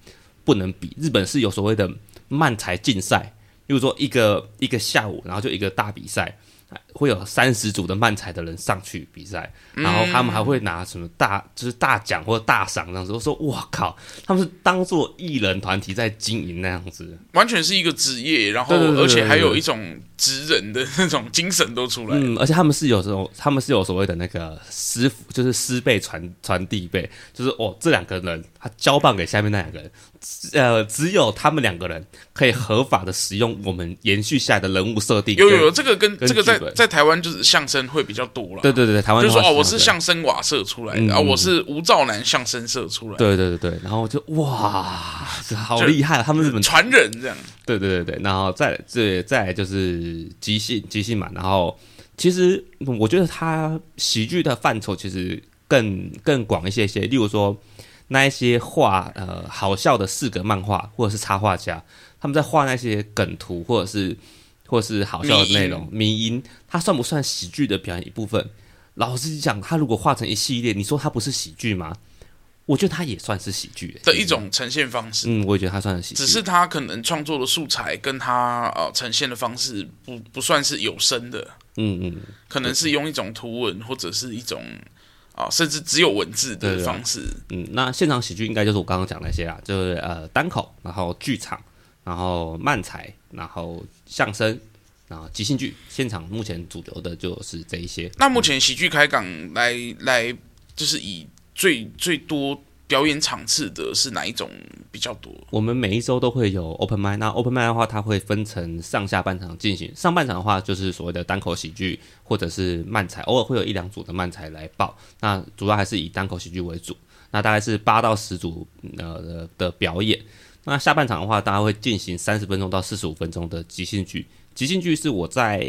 不能比，日本是有所謂的，漫才競賽，比如說一個一個下午，然後就一個大比賽。會有三十組的漫才的人上去比賽，然後他們還會拿什麼大，就是大獎或者大賞這樣子。我說哇靠，他們是當作藝人團體在經營那樣子，
完全是一個職業，然後而且還有一種職人的那種精神都出來。嗯，而
且他們是有這種，他們是有所謂的那個師傅，就是師輩傳傳弟輩，就是哦，這兩個人他交棒給下面那兩個人，呃，只有他們兩個人可以合法的使用我們延續下來的人物設定。有有有，這個跟，跟這個在
在。台灣就是相聲會比較多了，對對對，台灣就說哦，我是相聲瓦舍出來的。啊、嗯哦，我是吳兆南相聲社出來，對對對對，然後就哇，哇就好厲害，啊，他們日本傳人這樣。
對對對對，然後再來，再再就是即興即興嘛，然後其實我覺得他喜劇的範疇其實更更廣一些些，例如說那一些畫，呃，好笑的四格漫畫或者是插畫家，他們在畫那些梗圖或者是。或是好笑的內容，迷因，迷因它算不算喜劇的表演一部分？老實講，它如果畫成一系列，你說它不是喜劇嗎？我覺得它也算是喜劇的、欸對嗯、
一種呈現方式。
嗯，我也覺得它算是喜劇，只是
它可能創作的素材跟它呃呈現的方式不不算是有聲的。嗯嗯，可能是用一種圖文或者是一種啊、呃，甚至只有文字的方式。對
對啊、嗯，那現場喜劇應該就是我剛剛講那些啦，就是呃單口，然後劇場，然後漫才，然後相聲、然後即興劇，現場目前主流的就是這一些。那
目前喜劇開港來來，就是以最最多表演場次的是哪一種比較多？
我們每一周都會有 open mic。那 open mic 的話，它會分成上下半場進行。上半場的話，就是所謂的單口喜劇或者是漫才，偶爾會有一兩組的漫才來報。那主要還是以單口喜劇為主，那大概是八到十組呃的，的，的表演。那下半場的話，大家會進行三十分鐘到四十五分鐘的即興劇。即興劇是我在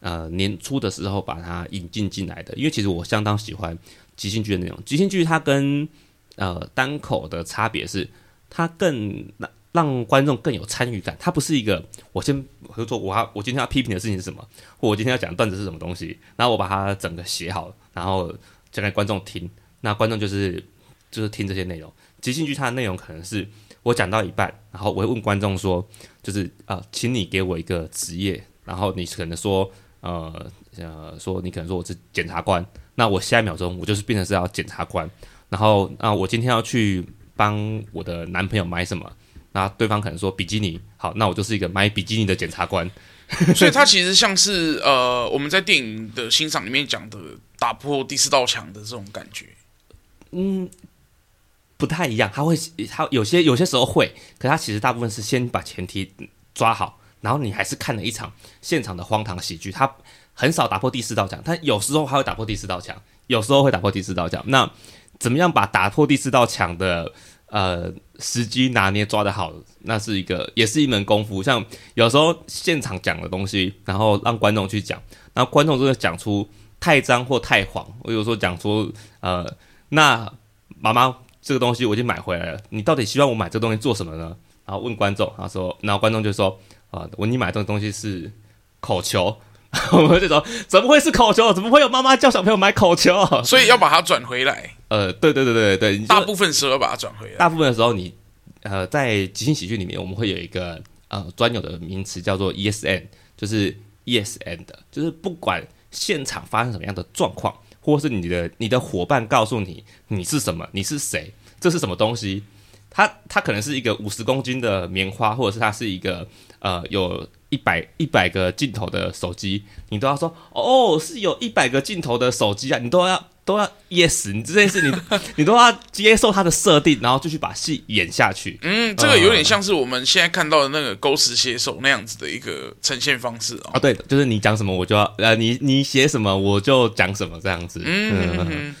呃年初的時候把它引進進來的，因為其實我相當喜歡即興劇的內容。即興劇它跟呃單口的差別是，它更讓讓觀眾更有參與感。它不是一個我先，比如說我要我今天要批評的事情是什麼，或者我今天要講的段子是什麼東西，然後我把它整個寫好然後講給觀眾聽。那觀眾就是就是聽這些內容。即興劇它的內容可能是。我講到一半，然後我會問觀眾說：“就是啊、呃，請你給我一個職業。”然後你可能說：“呃呃，說你可能說我是檢察官。”那我下一秒鐘我就是變成是要檢察官。然後那、呃、我今天要去幫我的男朋友買什麼？那對方可能說比基尼。好，那我就是一個買比基尼的檢察官。
所以它其實像是 呃，我們在電影的欣賞裡面講的打破第四道牆的這種感覺。
嗯。不太一樣，他會，他有些有些時候會，可他其實大部分是先把前提抓好，然後你還是看了一場現場的荒唐喜劇，他很少打破第四道牆，他有時候還會打破第四道牆，有時候會打破第四道牆。那怎麼樣把打破第四道牆的呃時機拿捏抓得好，那是一個也是一門功夫。像有時候現場講的東西，然後讓觀眾去講，然後觀眾就會講出太臟或太黃，我有時候講出呃，那媽媽。這個東西我已經買回來了，你到底希望我買這個東西做什麼呢？然後問觀眾，他說，然後觀眾就說，啊、呃，我你買的東西是口球， 我們就說，怎麼會是口球？怎麼會有媽媽叫小朋友買口球？所以要把它轉回來。呃，對對對對對，大
部分時候把它轉回來。
大部分的時候你，你呃，在即興喜劇裡面，我們會有一個呃專有的名詞叫做 ESN，就是 ESN 的，就是不管現場發生什麼樣的狀況。或是你的你的夥伴告訴你，你是什麼，你是誰，這是什麼東西？他他可能是一個五十公斤的棉花，或者是他是一個呃有一百一百個鏡頭的手機，你都要說哦，是有一百個鏡頭的手機啊，你都要。都要 yes，你這件事你 你都要接受他的設定，然後就去把戲演下去。嗯，這個有點
像是我們現在看到的那個狗屎寫手那樣子的一個呈現方式
哦。啊，對，就是你講什麼我就要，呃、啊，你你寫什麼我就講什麼這樣子。嗯，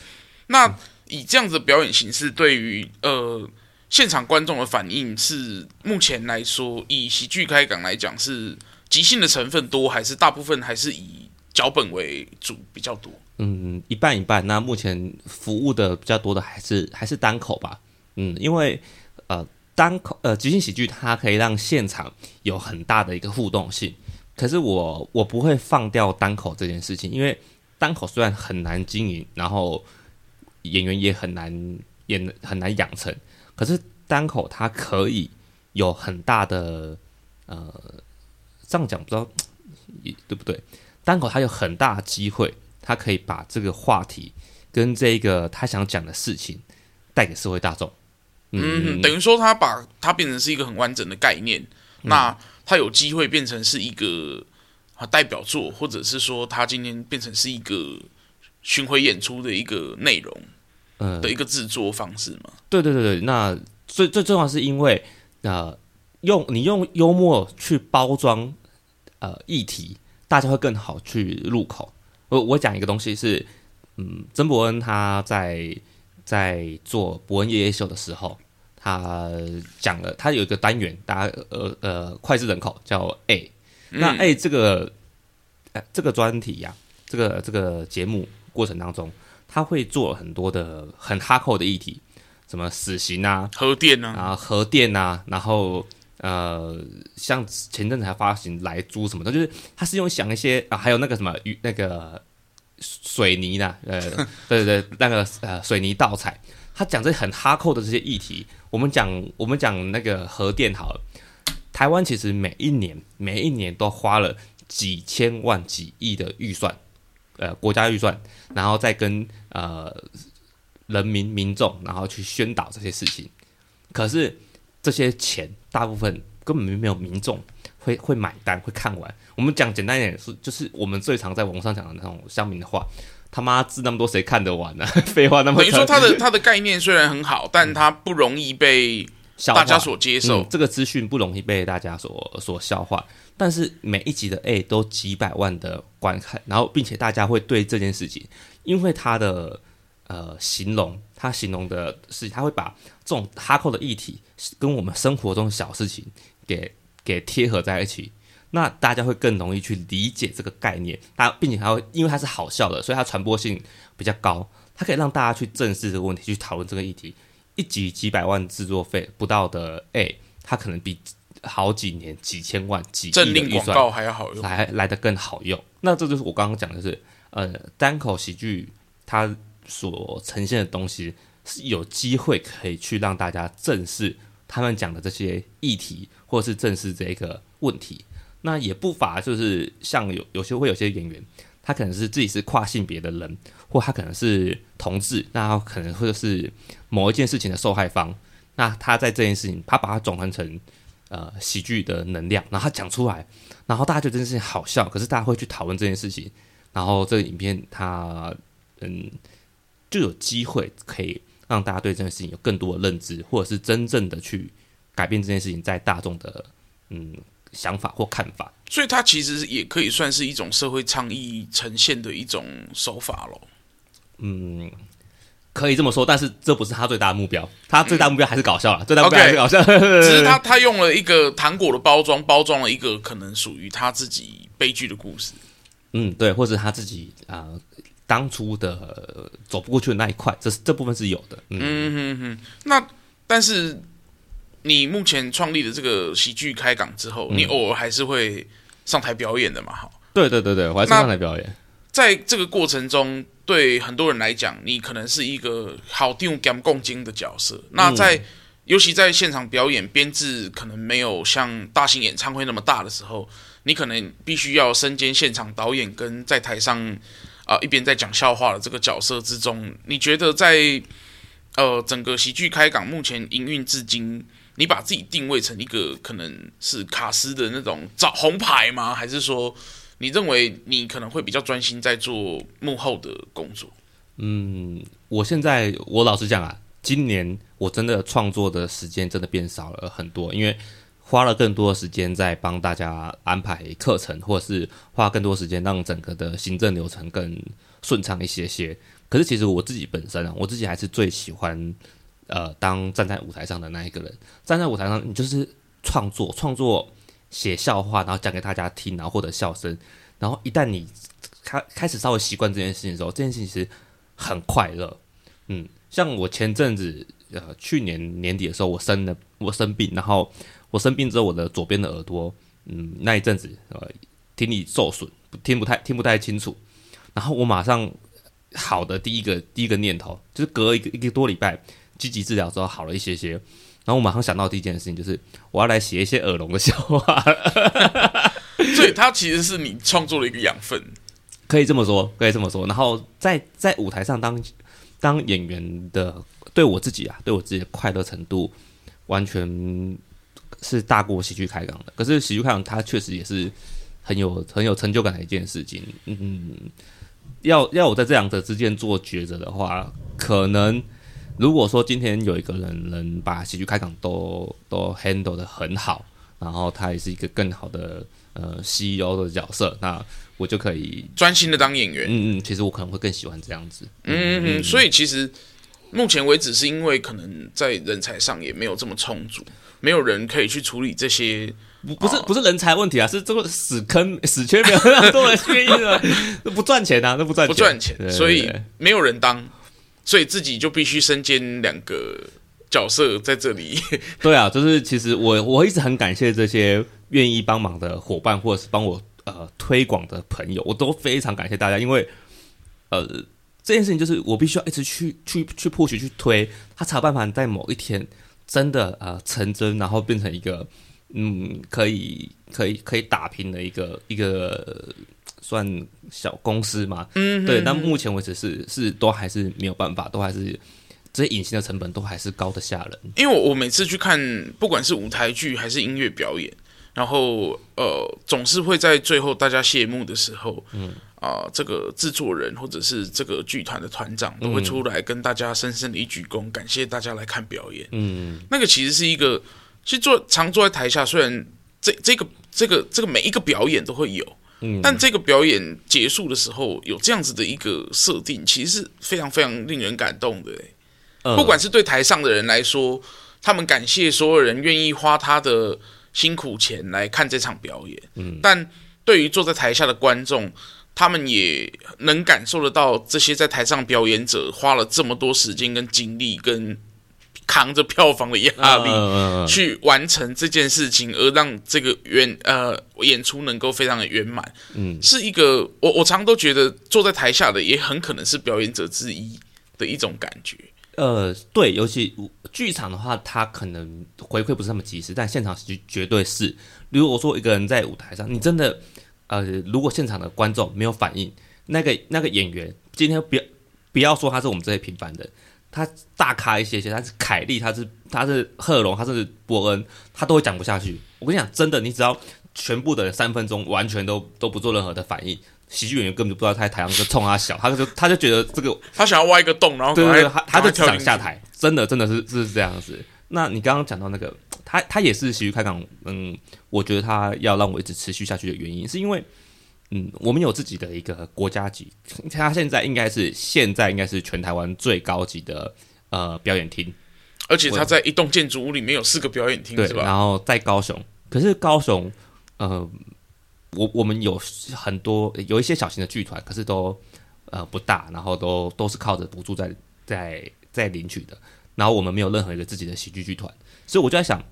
那以這樣子的表演形式對，對於、嗯、呃現場觀眾的反應是，目前來說以喜劇開港來講，是即興的成分多，還是大部分還是以腳本為主比較多？
嗯，一半一半。那目前服務的比較多的還是還是單口吧。嗯，因為呃單口呃即興喜劇，它可以讓現場有很大的一個互動性。可是我我不會放掉單口這件事情，因為單口雖然很難經營，然後演員也很難演，很難養成。可是單口它可以有很大的呃，這樣講不知道對不對？單口它有很大機會。他可以把這個話題跟這個他想講的事情帶給社會大眾，嗯，嗯，等
於說他把它變成是一個很完整的概念，嗯，那他有機會變成是一個啊代表作，或者是說他今天變成是一個巡迴演出的一個內容，嗯，的一個製作方式嘛？
對、呃、對對對，那最最重要是因為啊、呃，用你用幽默去包裝呃議題，大家會更好去入口。我我講一個東西是，嗯，曾博恩他在在做博恩夜夜秀的時候，他講了，他有一個單元，大家呃呃膾炙人口叫 A，那 A、啊、這個，這個專題呀，這個這個節目過程當中，他會做很多的很哈扣的議題，什麼死刑啊，核電吶、啊、啊核電啊，然後。呃，像前陣子還發行萊豬什麼的，就是他是用想一些啊、呃，還有那個什麼那個水泥的，呃， 對對對，那個呃水泥盜採，他講這些很哈扣的這些議題。我們講我們講那個核電好了，台灣其實每一年每一年都花了幾千萬幾億的預算，呃，國家預算，然後再跟呃人民民眾然後去宣導這些事情，可是。這些錢大部分根本沒有民眾會會買單，會看完。我們講簡單一點是，就是我們最常在網上講的那種鄉民的話：“他媽字那麼多，誰看得完呢、啊？”廢話那麼多。等於說，他的
他的概念雖然很好，但他不容易被大家所接受。嗯、
這個資訊不容易被大家所所消化，但是每一集的 A 都幾百萬的觀看，然後並且大家會對這件事情，因為他的呃形容。他形容的事情，他會把這種哈扣的議題跟我們生活中的小事情給給貼合在一起，那大家會更容易去理解這個概念。他並且還會，因為他是好笑的，所以他傳播性比較高。他可以讓大家去正視這個問題，去討論這個議題。一集幾百萬製作費不到的，誒、欸，他可能比好幾年幾千萬幾億預算還要好用，來來得更好用。那這就是我剛剛講的、就是，呃，單口喜劇它。所呈現的東西是有機會可以去讓大家正視他們講的這些議題，或是正視這個問題。那也不乏就是像有有些會有些演員，他可能是自己是跨性別的人，或他可能是同志，那他可能會是某一件事情的受害方。那他在這件事情，他把它轉換成呃喜劇的能量，然後他講出來，然後大家覺得這件事情好笑。可是大家會去討論這件事情，然後這個影片它嗯。就有機會可以讓大家對這件事情有更多的認知，或者是真正的去改變這件事情在大眾的嗯想法或看法。
所以，他其實也可以算是一種社會倡議呈現的一種手法嘍。嗯，
可以這麼說，但是這不是他最大的目標，他最大目標還是搞笑了，嗯、最大目標還是搞笑。Okay. 呵呵只是他
他用了一個糖果的包裝，包裝了一個可能屬於他自己悲劇的故事。
嗯，對，或者他自己啊。呃當初的走不過去的那一塊，這是這部分是有的。嗯嗯
嗯。那但是你目前創立的這個喜劇開港之後，你偶爾還是會上台表演的嘛？哈、嗯
好，對對對對，我還是上台表演。
在這個過程中，對很多人來講，你可能是一個好定減共進的角色。那在、嗯、尤其在現場表演編制可能沒有像大型演唱會那麼大的時候，你可能必須要身兼現場導演跟在台上。啊，一邊在講笑話的這個角色之中，你覺得在呃整個喜劇開港目前營運至今，你把自己定位成一個可能是卡司的那種紅牌嗎？還是說你認為你可能會比較專心在做幕後的工作？嗯，
我現在我老實講啊，今年我真的創作的時間真的變少了很多，因為。花了更多的時間在幫大家安排課程，或者是花更多時間讓整個的行政流程更順暢一些些。可是，其實我自己本身啊，我自己還是最喜歡呃，當站在舞台上的那一個人。站在舞台上，你就是創作、創作、寫笑話，然後講給大家聽，然後獲得笑聲。然後，一旦你開開始稍微習慣這件事情的時候，這件事情其實很快樂。嗯，像我前陣子呃，去年年底的時候，我生了我生病，然後。我生病之後，我的左邊的耳朵，嗯，那一陣子呃，聽力受損，聽不太聽不太清楚。然後我馬上好的第一個第一個念頭，就是隔一個一個多禮拜積極治療之後好了一些些。然後我馬上想到第一件事情，就是我要來寫一些耳聾的笑話。
所以它其實是你創作的一個養分，
可以這麼說，可以這麼說。然後在在舞台上當當演員的，對我自己啊，對我自己的快樂程度完全。是大過喜劇開港的，可是喜劇開港它確實也是很有很有成就感的一件事情。嗯，要要我在這兩者之間做抉擇的話，可能如果說今天有一個人能把喜劇開港都都 handle 得很好，然後他也是一個更好的呃 CEO 的角色，那我就可以專心的當演員。嗯嗯，其實我可能會更喜歡這樣子。嗯嗯，所
以其實目前為止是因為可能在人才上也沒有這麼充足。沒有人可以去處理這些，不不是不是人才問題啊，啊是這個死坑死圈，沒有很多人願意的， 不賺錢吶、啊，那不賺錢，不賺錢，對對對對，所以沒有人當，所以自己就必須身兼兩個角色在這裡。
對啊，就是其實我我一直很感謝這些願意幫忙的夥伴，或者是幫我呃推廣的朋友，我都非常感謝大家，因爲呃這件事情就是我必須要一直去去去破局去推，他才有辦法在某一天。真的啊、呃，成真，然後變成一個，嗯，可以可以可以打拼的一個一個算小公司嘛，嗯哼，對。但目前為止是，是都還是沒有辦法，都還是這些隱形的成本都還是高的嚇人。
因為我，我每次去看，不管是舞台劇還是音樂表演，然後呃，總是會在最後大家謝幕的時候，嗯。啊，這個製作人或者是這個劇團的團長都會出來跟大家深深的一鞠躬，嗯、感謝大家來看表演。嗯，那個其實是一個，其實坐常坐在台下，雖然這這個這個這個每一個表演都會有，嗯，但這個表演結束的時候有這樣子的一個設定，其實是非常非常令人感動的。不管是對台上的人來說，嗯、他們感謝所有人願意花他的辛苦錢來看這場表演，嗯，但對於坐在台下的觀眾。他們也能感受得到，這些在台上表演者花了這麼多時間跟精力，跟扛着票房的壓力去完成這件事情，而讓這個圓呃演出能夠非常的圓滿。嗯，是一個我我常都覺得坐在台下的也很可能是表演者之一的一種感覺。
呃，對，尤其劇場的話，它可能回饋不是那麼及時，但現場是絕對是。如果說一個人在舞台上，你真的。呃，如果現場的觀眾沒有反應，那個那個演員今天不要不要說他是我們這些平凡的，他大咖一些些，但是凱莉他是他是賀瓏，他甚至博恩，他都會講不下去。我跟你講，真的，你只要全部的三分鐘完全都都不做任何的反應，喜劇演員根本就不知道他在台上就衝他笑，他就他就覺得這個
他想要挖一個洞，然後對對對，他，他就想下台，
真的真的是是這樣子。那你剛剛講到那個，他他也是喜劇開港，嗯。我覺得他要讓我一直持續下去的原因，是因為，嗯，我們有自己的一個國家級，他現在應該是現在應該是全台灣最高級的呃表演廳，而且他
在一棟建築物裡面有四個表演廳，所以，對吧？
然後在高雄，可是高雄，呃，我我們有很多有一些小型的劇團，可是都呃不大，然後都都是靠着補助在在在領取的，然後我們沒有任何一個自己的喜劇劇團，所以我就在想。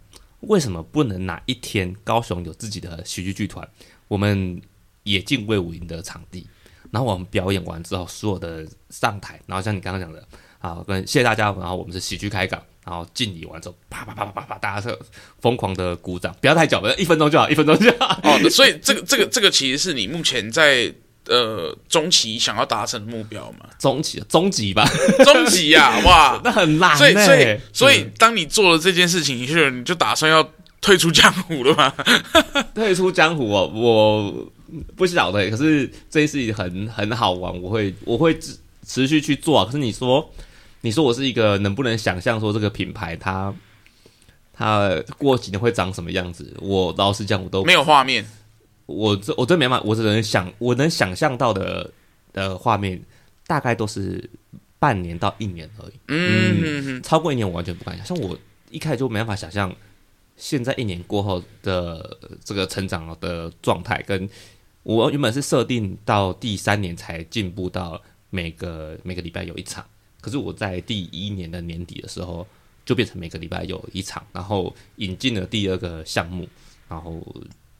為什麼不能哪一天高雄有自己的喜劇劇團，我們也進衛武營的場地，然後我們表演完之後，所有的上台，然後像你剛剛講的，啊，跟謝謝大家，然後我們是喜劇開港，然後敬禮完之後，啪啪啪啪啪啪啪，大家是瘋狂的鼓掌，不要太久，反正一分鐘就好，一分鐘就
好。哦，所以這個這個這個其實是你目前在。呃，終極想要達成的目標嘛？
終極， 終極、啊，終極吧，
終極呀！哇，那
很辣。所以，所以，所以，
嗯、當你做了這件事情，你是你就打算要退出江湖了嗎？
退出江湖、哦，我我不曉得。可是，這一事情很很好玩，我會我會持續去做、啊。可是，你說你說我是一個能不能想象說這個品牌它它過幾年會長什麼樣子？我老實講，我都沒有畫面。我這我這沒辦法，我只能想我能想象到的的畫面，大概都是半年到一年而已。嗯，超過一年我完全不敢想。像我一開始就沒辦法想象，現在一年過後的這個成長的狀態，跟我原本是設定到第三年才進步到每個每個禮拜有一場，可是我在第一年的年底的時候，就變成每個禮拜有一場，然後引進了第二個項目，然後。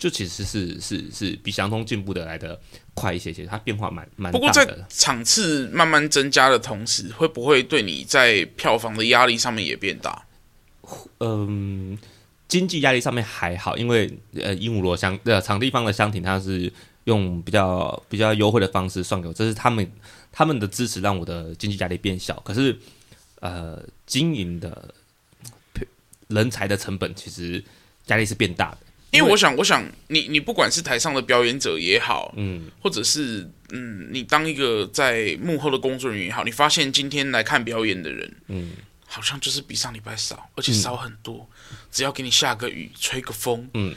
就其實是是是，是比祥通進步的來得快一些一些，它變化蠻蠻大的。不過在
場次慢慢增加的同時，會不會對你在票房的壓力上面也變大？嗯，
經濟壓力上面還好，因為呃，鸚鵡螺箱呃場地方的箱庭，它是用比較比較優惠的方式算給我，這是他們他們的支持讓我的經濟壓力變小。可是呃，經營的人才的成本其實壓力是變大的。
因為我想，我想你，你不管是台上的表演者也好，嗯，或者是嗯，你當一個在幕後的工作人員也好，你發現今天來看表演的人，嗯，好像就是比上禮拜少，而且少很多。嗯，只要給你下個雨，吹個風，
嗯，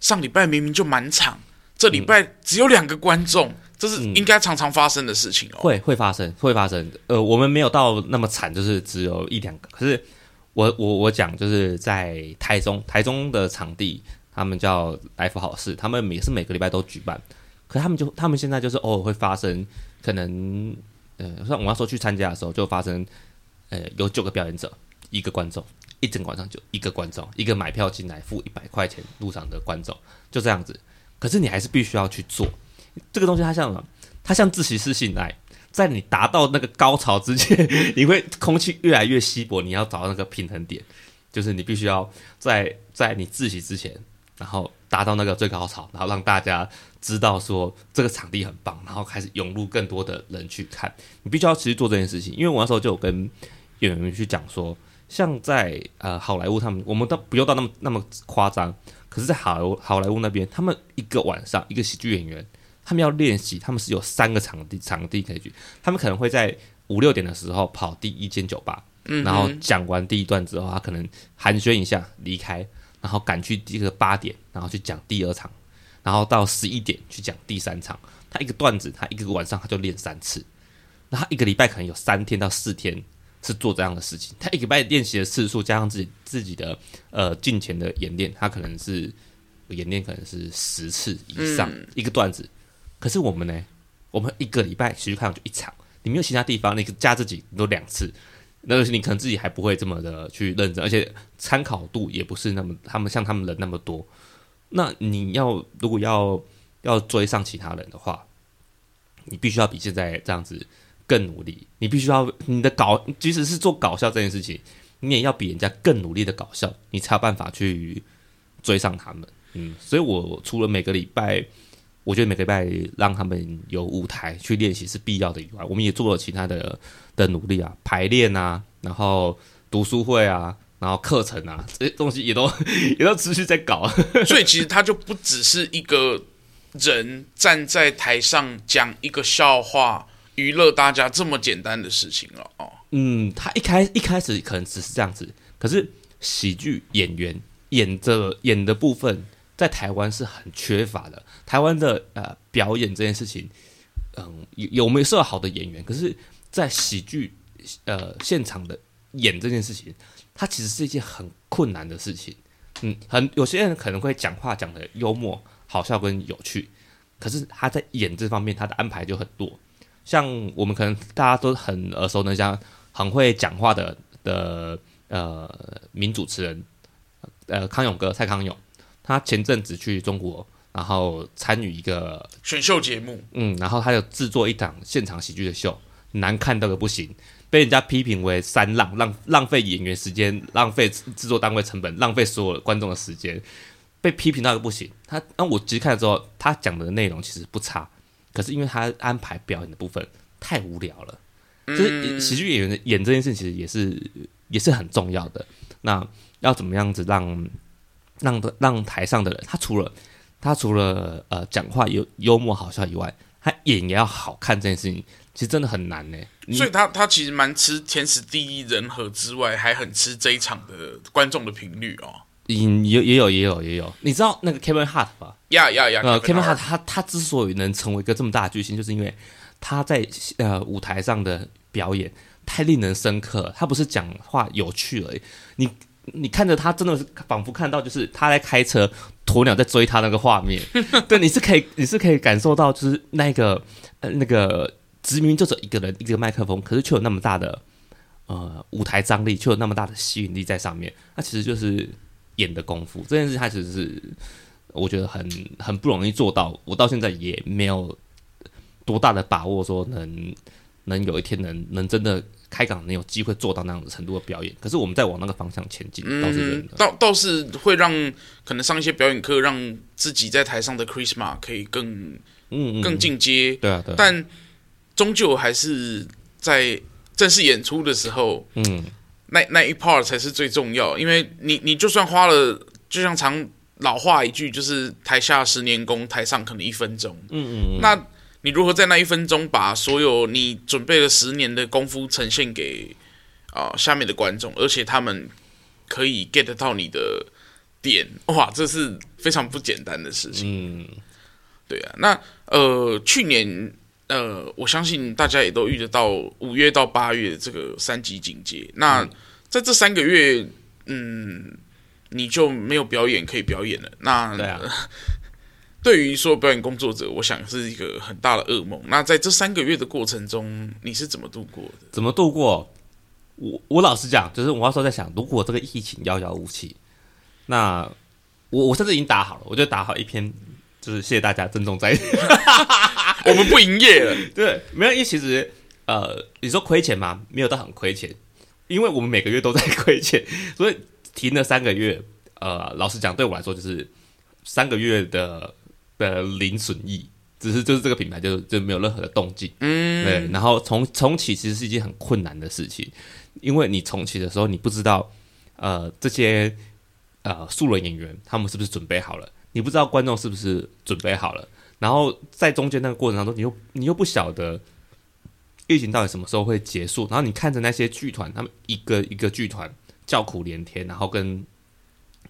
上禮拜明明就滿場，這禮拜只有兩個觀眾，嗯，這是應該常常發生的事情
哦。會會發生，會發生。呃，我們沒有到那麼慘，就是只有一兩個。可是我我我講，就是在台中，台中的場地。他們叫 “F 好事”，他們也是每個禮拜都舉辦。可是他們就，他們現在就是偶爾會發生，可能，呃，像我要說去參加的時候，就發生，呃，有九個表演者，一個觀眾，一整晚上就一個觀眾，一個買票進來付一百塊錢入場的觀眾，就這樣子。可是你還是必須要去做這個東西。它像什麼？它像窒息式性愛，在你達到那個高潮之前，你會空氣越來越稀薄，你要找到那個平衡點，就是你必須要在在你窒息之前。然後達到那個最高潮，然後讓大家知道說這個場地很棒，然後開始湧入更多的人去看。你必須要持續做這件事情，因為我那時候就有跟演員去講說，像在呃好萊塢他們，我們倒不用到那麼那麼誇張，可是，在好萊好萊塢那邊，他們一個晚上一個喜劇演員，他們要練習，他們是有三個場地，場地可以去，他們可能會在五六點的時候跑第一間酒吧，嗯哼，然後講完第一段之後，他可能寒暄一下離開。然後趕去這個八點，然後去講第二場，然後到十一點去講第三場。他一個段子，他一個晚上他就練三次。那他一個禮拜可能有三天到四天是做這樣的事情。他一個禮拜練習的次數加上自己自己的呃鏡前的演練，他可能是演練可能是十次以上、嗯、一個段子。可是我們呢，我們一個禮拜其實看上去就一場，你沒有其他地方那個加自己都兩次。那個是你可能自己還不會這麼的去認真，而且參考度也不是那麼他們像他們人那麼多。那你要如果要要追上其他人的話，你必須要比現在這樣子更努力。你必須要你的搞，即使是做搞笑這件事情，你也要比人家更努力的搞笑，你才有辦法去追上他們。嗯，所以我除了每個禮拜，我覺得每個禮拜讓他們有舞台去練習是必要的以外，我們也做了其他的。的努力啊，排練啊，然後讀書會啊，然後課程啊，這些東西也都也都持續在搞，
所以其實他就不只是一個人站在台上講一個笑話娛樂大家這麼簡單的事情了
哦。嗯，他一開一開始可能只是這樣子，可是喜劇演員演的演的部分在台灣是很缺乏的，台灣的呃表演這件事情，嗯，有有沒有設好的演員？可是。在喜劇呃現場的演這件事情，它其實是一件很困難的事情。嗯，很有些人可能會講話講得幽默、好笑跟有趣，可是他在演這方面他的安排就很多。像我們可能大家都很耳熟能詳、很會講話的的呃名主持人，呃康永哥蔡康永，他前陣子去中國，然後參與一個選秀節目，嗯，然後他就製作一場現場喜劇的秀。難看到的不行，被人家批評為三浪浪浪費演員時間，浪費制作單位成本，浪費所有觀眾的時間，被批評到的不行。他那我其實看了之後，他講的內容其實不差，可是因為他安排表演的部分太無聊了。就是喜劇演員演這件事情，其實也是也是很重要的。那要怎麼樣子讓讓的讓台上的人，他除了他除了呃講話有幽默好笑以外，他演也要好看這件事情。其實真的很難呢、欸，所以
他他其實蠻吃天時地利人和之外，還很吃這一場的觀眾的頻率哦。也
也也有也有也有，你知道那個 Kevin Hart 吧？
呀呀呀，呃 Kevin，Kevin Hart，嗯、他
他之所以能成為一個這麼大的巨星，就是因為他在呃舞台上的表演太令人深刻了。他不是講話有趣而已，你你看着他真的是仿佛看到就是他在開車鴕鳥在追他那個畫面。 對，你是可以你是可以感受到就是那個呃那個。明明就只一個人一個麥克風，可是卻有那麼大的呃舞台張力，卻有那麼大的吸引力在上面。那其實就是演的功夫。這件事他其實是我覺得很很不容易做到，我到現在也沒有多大的把握說能能有一天能能真的開港能有機會做到那樣的程度的表演。可是我們在往那個方向前進，
倒是真的、嗯、倒倒是會讓可能上一些表演課，讓自己在台上的 Charisma 可以更、嗯、更進階。嗯、對啊對啊，但。終究還是在正式演出的時候，嗯，那那一 part 才是最重要，因為你你就算花了，就像常老話一句，就是台下十年功，台上可能一分鐘，嗯嗯，嗯，那你如何在那一分鐘把所有你準備了十年的功夫呈現給啊、呃、下面的觀眾，而且他們可以 get 到你的點，哇，這是非常不簡單的事情。嗯、對啊，那呃去年，呃，我相信大家也都遇得到五月到八月這個三級警戒。那在這三個月，嗯，你就沒有表演可以表演了。那對，啊呃、對於說表演工作者，我想是一個很大的噩夢。那在這三個月的過程中，你是怎麼度過
的？怎麼度過？我我老實講，就是我那時候在想，如果這個疫情遙遙無期，那我我甚至已經打好了，我就打好一篇，就是謝謝大家，珍重再。 我們不營業了，哎，對，沒有，因為其實，呃，你說虧錢嗎？沒有到很虧錢，因為我們每個月都在虧錢，所以停了三個月。呃，老實講，對我來說就是三個月的的零損益，只是就是這個品牌就就沒有任何的動靜，嗯，對。然後重重啟其實是一件很困難的事情，因為你重啟的時候，你不知道，呃，這些呃素人演員他們是不是準備好了，你不知道觀眾是不是準備好了。然後在中間那個過程當中，你又你又不曉得疫情到底什麼時候會結束。然後你看着那些劇團，他們一個一個劇團叫苦連天，然後跟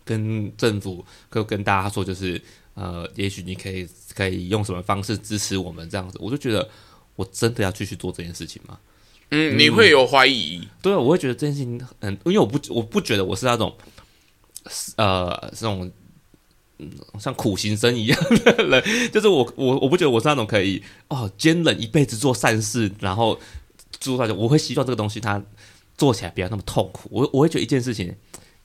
跟政府跟跟大家說，就是呃，也許你可以可以用什麼方式支持我們這樣子。我就覺得，我真的要繼續做這件事情嗎？
嗯，嗯，你會有懷疑？
對，我會覺得這件事情很，因為我不我不覺得我是那種呃，這種。嗯，像苦行僧一樣的人，就是我，我我不覺得我是那種可以哦，堅忍一輩子做善事，然後住下去。我會希望這個東西它做起來不要那麼痛苦。我我會覺得一件事情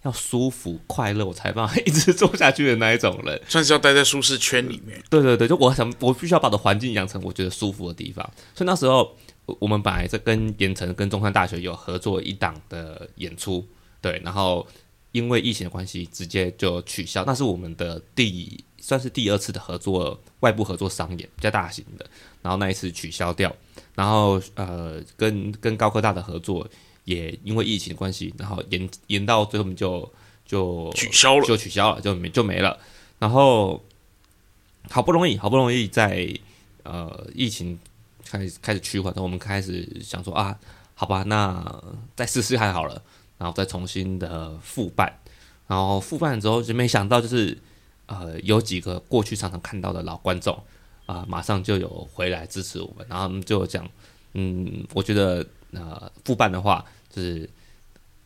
要舒服快樂，我才辦法一直做下去的那一種人，
算是要待在舒適圈裡面。
對對對，就我想，我必須要把我的環境養成我覺得舒服的地方。所以那時候，我們本來在跟鹽埕，跟中山大學有合作一檔的演出，對，然後。因為疫情的關係，直接就取消。那是我們的第算是第二次的合作，外部合作商演比較大型的。然後那一次取消掉，然後呃，跟跟高科大的合作也因為疫情的關係，然後延延到最後我們就就，就取消了，就取消了，就沒就沒了。然後好不容易好不容易在呃疫情開始開始趨緩，我們開始想說啊，好吧，那再試試看好了。然後再重新的復辦，然後復辦之後就沒想到，就是呃有幾個過去常常看到的老觀眾，啊、呃，馬上就有回來支持我們，然後就講，嗯，我覺得呃復辦的話，就是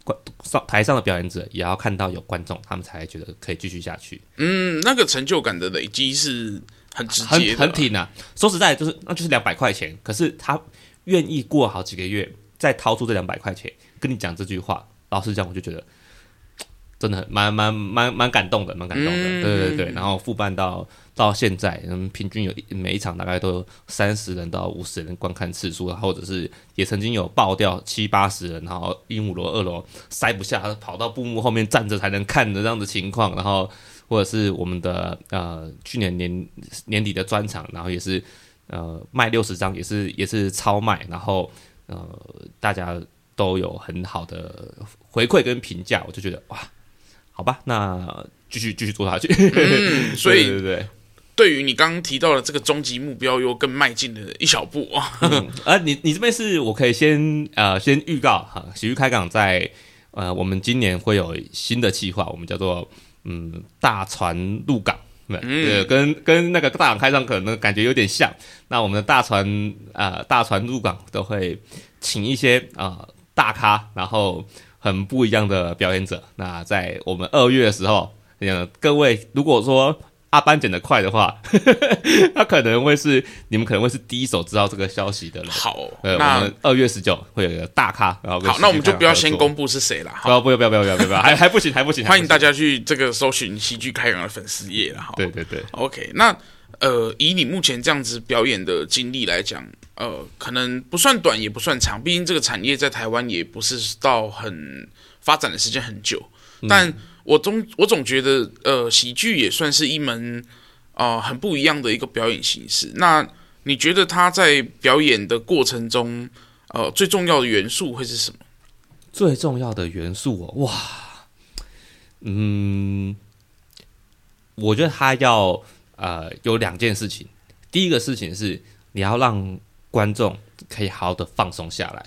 觀上台上的表演者，也要看到有觀眾，他們才覺得可以繼續下去。
嗯，那個成就感的累積是
很直接、啊、很很挺的、啊。說實在，就是那就是兩百塊錢，可是他願意過好幾個月再掏出這兩百塊錢，跟你講這句話。老實講，我就覺得真的很蠻蠻蠻蠻感動的，蠻感動的。嗯、對對對，然後復辦到到現在，嗯，平均有每一場大概都三十人到五十人觀看次數，或者是也曾經有爆掉七八十人，然後鸚鵡螺二樓塞不下，跑到布幕後面站着才能看的這樣的情況，然後或者是我們的呃去年年年底的專場，然後也是呃賣六十張，也是也是超賣，然後呃大家。都有很好的回饋跟評價，我就覺得哇，好吧，那繼續繼續做下去。 嗯、所以， 對，對對對。
對於你剛剛提到的這個終極目標，又更邁進了一小步啊！呃、 嗯，而你你這邊
是我可以先呃先預告哈，喜、啊、劇開港在呃我們今年會有新的計劃，我們叫做嗯大船入港，對、嗯對，跟跟那個大港開唱可能感覺有點像。那我們的大船啊、呃，大船入港都會請一些啊。呃大咖，然後很不一樣的表演者。那在我們二月的時候，各位如果說阿班剪得快的話，呵呵他可能會是你們可能會是第一手知道這個消息的人。好，那二月十九會有一個大咖。然後好，那我們就不要先公布是誰了。不要，不要，不要，不要，不要， 還還不行，還不行。不行，歡迎
大家去這個搜尋喜劇開港的粉絲頁了。對對對，OK，那。呃，以你目前這樣子表演的經歷來講，呃，可能不算短，也不算長。畢竟這個產業在台灣也不是到很發展的時間很久。嗯。但我總我總覺得，呃，喜劇也算是一門，呃，很不一樣的一個表演形式。那你覺得他在表演的過程中，呃，最重要的元素會是什麼？
最重要的元素哦，哇，嗯，我覺得他要。呃，有兩件事情。第一個事情是，你要讓觀眾可以好好的放鬆下來，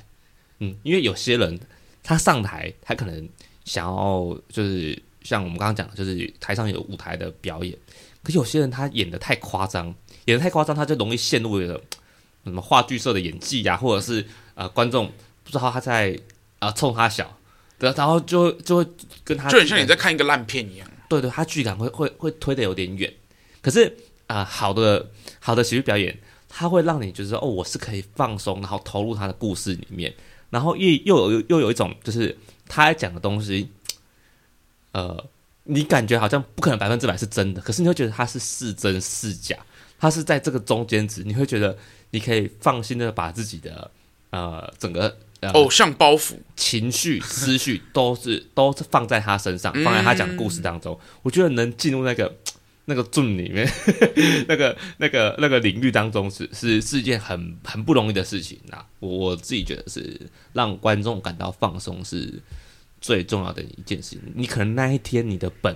嗯，因為有些人他上台，他可能想要就是像我們剛剛講的，就是台上有舞台的表演。可是有些人他演得太誇張，演得太誇張，他就容易陷入了什,什麼話劇社的演技呀、啊，或者是呃觀眾不知道他在啊、呃、衝他笑，對，然後就就會跟他跟就很像你
在看一個爛片一樣。
對，對對，他劇感會會會推得有點遠。可是啊、呃，好的好的喜劇表演，它會讓你覺得說哦，我是可以放鬆，然後投入他的故事裡面，然後又又有又有一種就是他講的東西，呃，你感覺好像不可能百分之百是真的，可是你會覺得他是是真是假，他是在這個中間值，你會覺得你可以放心的把自己的呃整個呃偶像包袱、情緒、思緒都是 都是放在他身上，放在他講的故事當中。嗯、我覺得能進入那個。那個劇裡面、 那個，那個那個那個領域當中是是是一件很很不容易的事情那、啊、我我自己覺得是讓觀眾感到放鬆是最重要的一件事情。你可能那一天你的本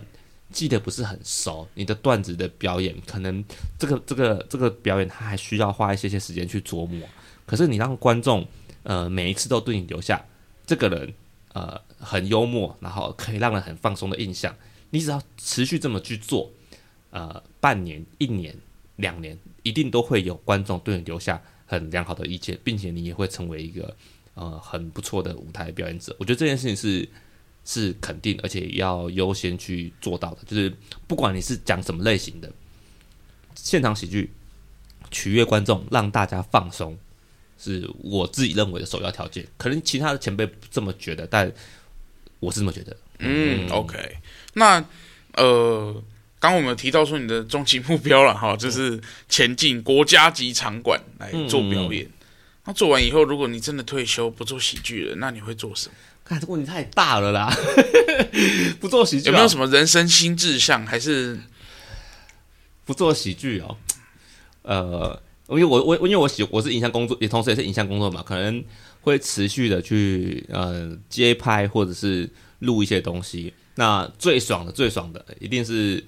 記得不是很熟，你的段子的表演可能這個這個這個表演他還需要花一些些時間去琢磨。可是你讓觀眾呃每一次都對你留下這個人呃很幽默，然後可以讓人很放鬆的印象，你只要持續這麼去做，呃，半年、一年、兩年，一定都會有觀眾對你留下很良好的意見，並且你也會成為一個呃很不錯的舞台表演者。我覺得這件事情是是肯定，而且要優先去做到的。就是不管你是講什麼類型的現場喜劇，取悅觀眾，讓大家放鬆，是我自己認為的首要條件。可能其他的前輩不這麼覺得，但我是這麼覺得。
嗯，嗯，OK，那呃。剛，剛我們提到說你的終極目標了哈，就是前進國家級場館來做表演。那、嗯嗯嗯啊、做完以後，如果你真的退休不做喜劇了，那你會做什麼？看這問題太大了啦！ 不做喜劇、啊、有沒有什麼人生新志向？還是不做喜劇
哦？呃，因為我我因為我喜我是影像工作，也同時也是影像工作嘛，可能會持續的去呃接拍或者是錄一些東西。那最爽的最爽的一定是。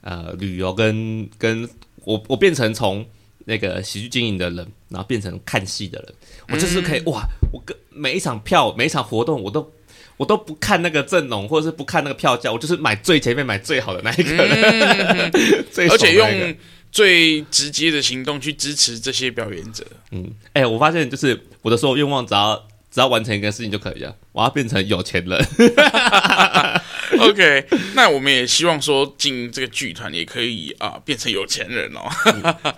呃，旅遊跟跟我我變成從那個喜劇經營的人，然後變成看戲的人。我就是可以、嗯、哇，我跟每一場票、每一場活動，我都我都不看那個陣容，或者是不看那個票價，我就是買最前面、買最好的那一
個人。而且用最直接的行動去支持這些表演者。嗯，
哎、欸，我發現就是我的所有願望，只要只要完成一個事情就可以了。我要變成有錢人。
OK，那我們也希望說，進這個劇團也可以啊，呃，變成有錢人哦。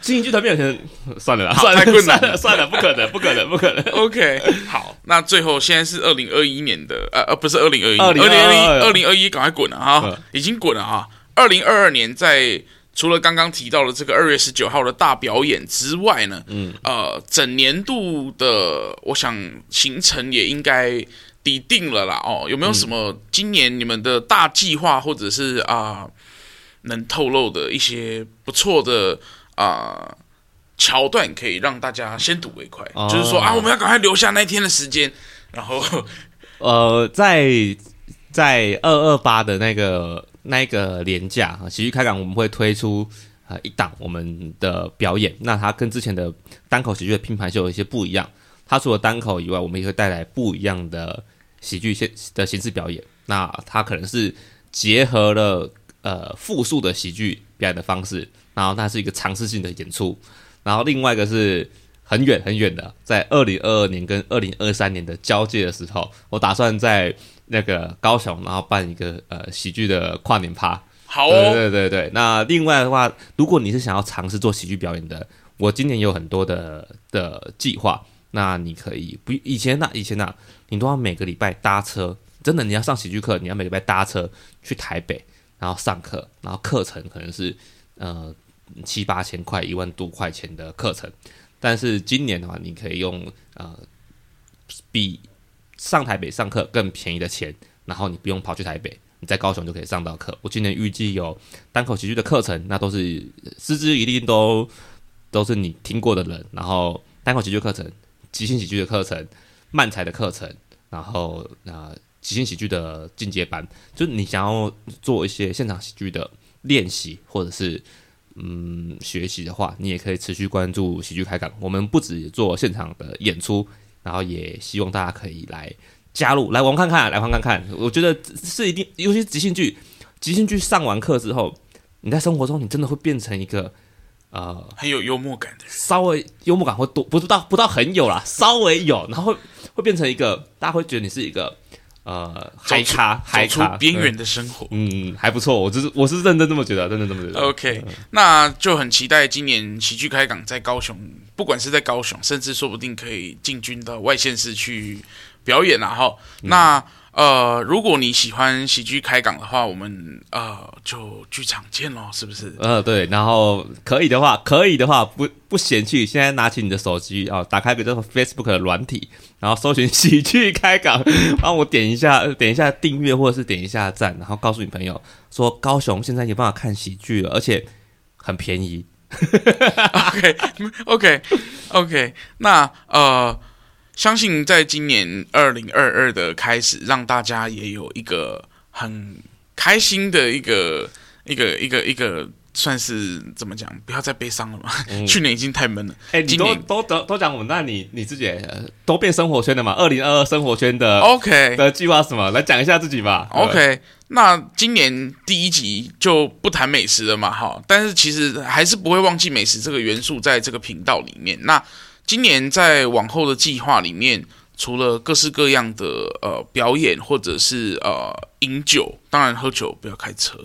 進劇團變成，算了啦，好算了，太困難了，算了，
算了，不可能，不可能，不可能。OK， 好，那最後現在是二零二一年的，呃，呃不是二零二一，二零二一二零二一，趕快滾了哈，對已經滾了哈。二零二二年在，在除了剛剛提到的這個二月十九號的大表演之外呢，嗯，呃，整年度的，我想行程也應該。底定了啦哦，有沒有什麼今年你們的大計劃，或者是啊、嗯呃、能透露的一些不錯的啊、呃、橋段，可以讓大家先睹為快？哦、就是說啊，我們要趕快留下那一天的時間，然後
呃，在在二二八的那個那一個連假喜劇開港，我們會推出啊、呃、一檔我們的表演。那它跟之前的單口喜劇的拼盤是有一些不一樣，它除了單口以外，我們也會帶來不一樣的。喜劇的形式表演，那它可能是結合了呃複數的喜劇表演的方式，然後那是一個嘗試性的演出。然後另外一個是很遠很遠的，在二零二二年跟二零二三年的交界的時候，我打算在那個高雄，然後辦一個呃喜劇的跨年趴。
哦。好，對對
對對。那另外的話，如果你是想要嘗試做喜劇表演的，我今年有很多的的計劃。那你可以不，以前那、啊、以前那、啊，你都要每個禮拜搭車，真的，你要上喜劇課，你要每個禮拜搭車去台北，然後上課，然後課程可能是呃七八千塊一萬多塊錢的課程，但是今年的話，你可以用呃比上台北上課更便宜的錢，然後你不用跑去台北，你在高雄就可以上到課。我今年預計有單口喜劇的課程，那都是師資一定都都是你聽過的人，然後單口喜劇課程、即興喜劇的課程、漫才的課程，然後啊、呃，即興喜劇的進階班，就是你想要做一些現場喜劇的練習或者是嗯學習的話，你也可以持續關注喜劇開港。我們不止做現場的演出，然後也希望大家可以來加入，來我們看看，來玩看看。我覺得是一定，尤其是即興劇，即興劇上完課之後，你在生活中你真的會變成一個。呃，很有幽默感的人，稍微幽默感會多，不知道，不到很有啦，稍微有，然後會，會變成一個，大家會覺得你是一個呃，嗨咖，嗨咖，邊緣的生活。嗯，嗯，還不錯，我就是我是認真這麼覺得，認真這麼覺得。OK，呃，
那就很期待今年喜劇開港在高雄，不管是在高雄，甚至說不定可以進軍到外縣市去表演了哈。嗯。那。呃，如果你喜歡喜劇開港的話，我們呃就劇場見嘍，是不是？
呃，對，然後可以的話，可以的話不不嫌棄，現在拿起你的手機啊、呃，打開比如說 Facebook 的軟體，然後搜尋喜劇開港，幫我點一下，點一下訂閱或者是點一下讚，然後告訴你朋友說，高雄現在有辦法看喜劇了，而且很便宜
okay, okay, okay,。OK，OK，OK，那呃。相信在今年二零二二的開始，讓大家也有一個很開心的一個一個一個一個，算是怎麼講？不要再悲傷了嘛，嗯、去年已經太悶了。哎、欸，今年你都都都講我們，那你你自己、呃、都變生活圈的嘛？二零二二生活圈的 OK 的計劃是什麼？來講一下自己吧。吧 OK，那今年第一集就不談美食了嘛，哈，但是其實還是不會忘記美食這個元素在這個頻道裡面。那。今年在往後的計劃裡面，除了各式各樣的呃表演，或者是呃飲酒，當然喝酒不要開車。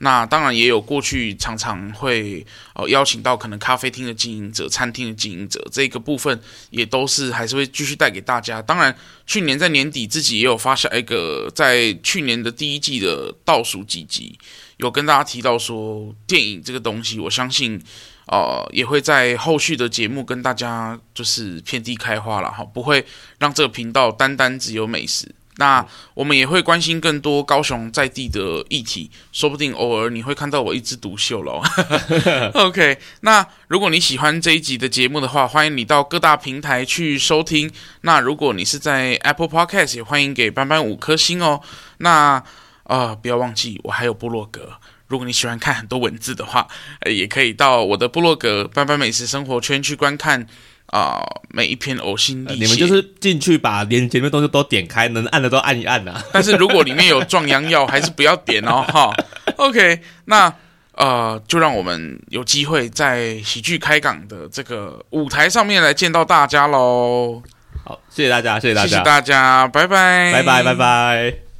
那當然也有過去常常會呃邀請到可能咖啡廳的經營者、餐廳的經營者這個部分，也都是還是會繼續帶給大家。當然，去年在年底自己也有發下一個，在去年的第一季的倒數幾集，有跟大家提到說電影這個東西，我相信。哦、呃，也會在後續的節目跟大家就是遍地開花了哈，不會讓這個頻道單單只有美食。那我們也會關心更多高雄在地的議題，說不定偶爾你會看到我一枝獨秀嘍。 OK，那如果你喜歡這一集的節目的話，歡迎你到各大平台去收聽。那如果你是在 Apple Podcast，也歡迎給班班五顆星哦。那啊、呃，不要忘記我還有部落格。如果你喜歡看很多文字的話，也可以到我的部落格“班班美食生活圈”去觀看啊、呃，每一篇嘔心瀝血、呃。你們就是進
去把連前面東西都點開，能按的
都按一按吶、啊。但是如果裡面有壯陽藥， 還是不要點哦哈。OK，那呃，就讓我們有機會在喜劇開港的這個舞台上面來見到大家嘍。好，謝謝大家，謝謝大家，謝謝大家，拜拜，拜拜，拜拜。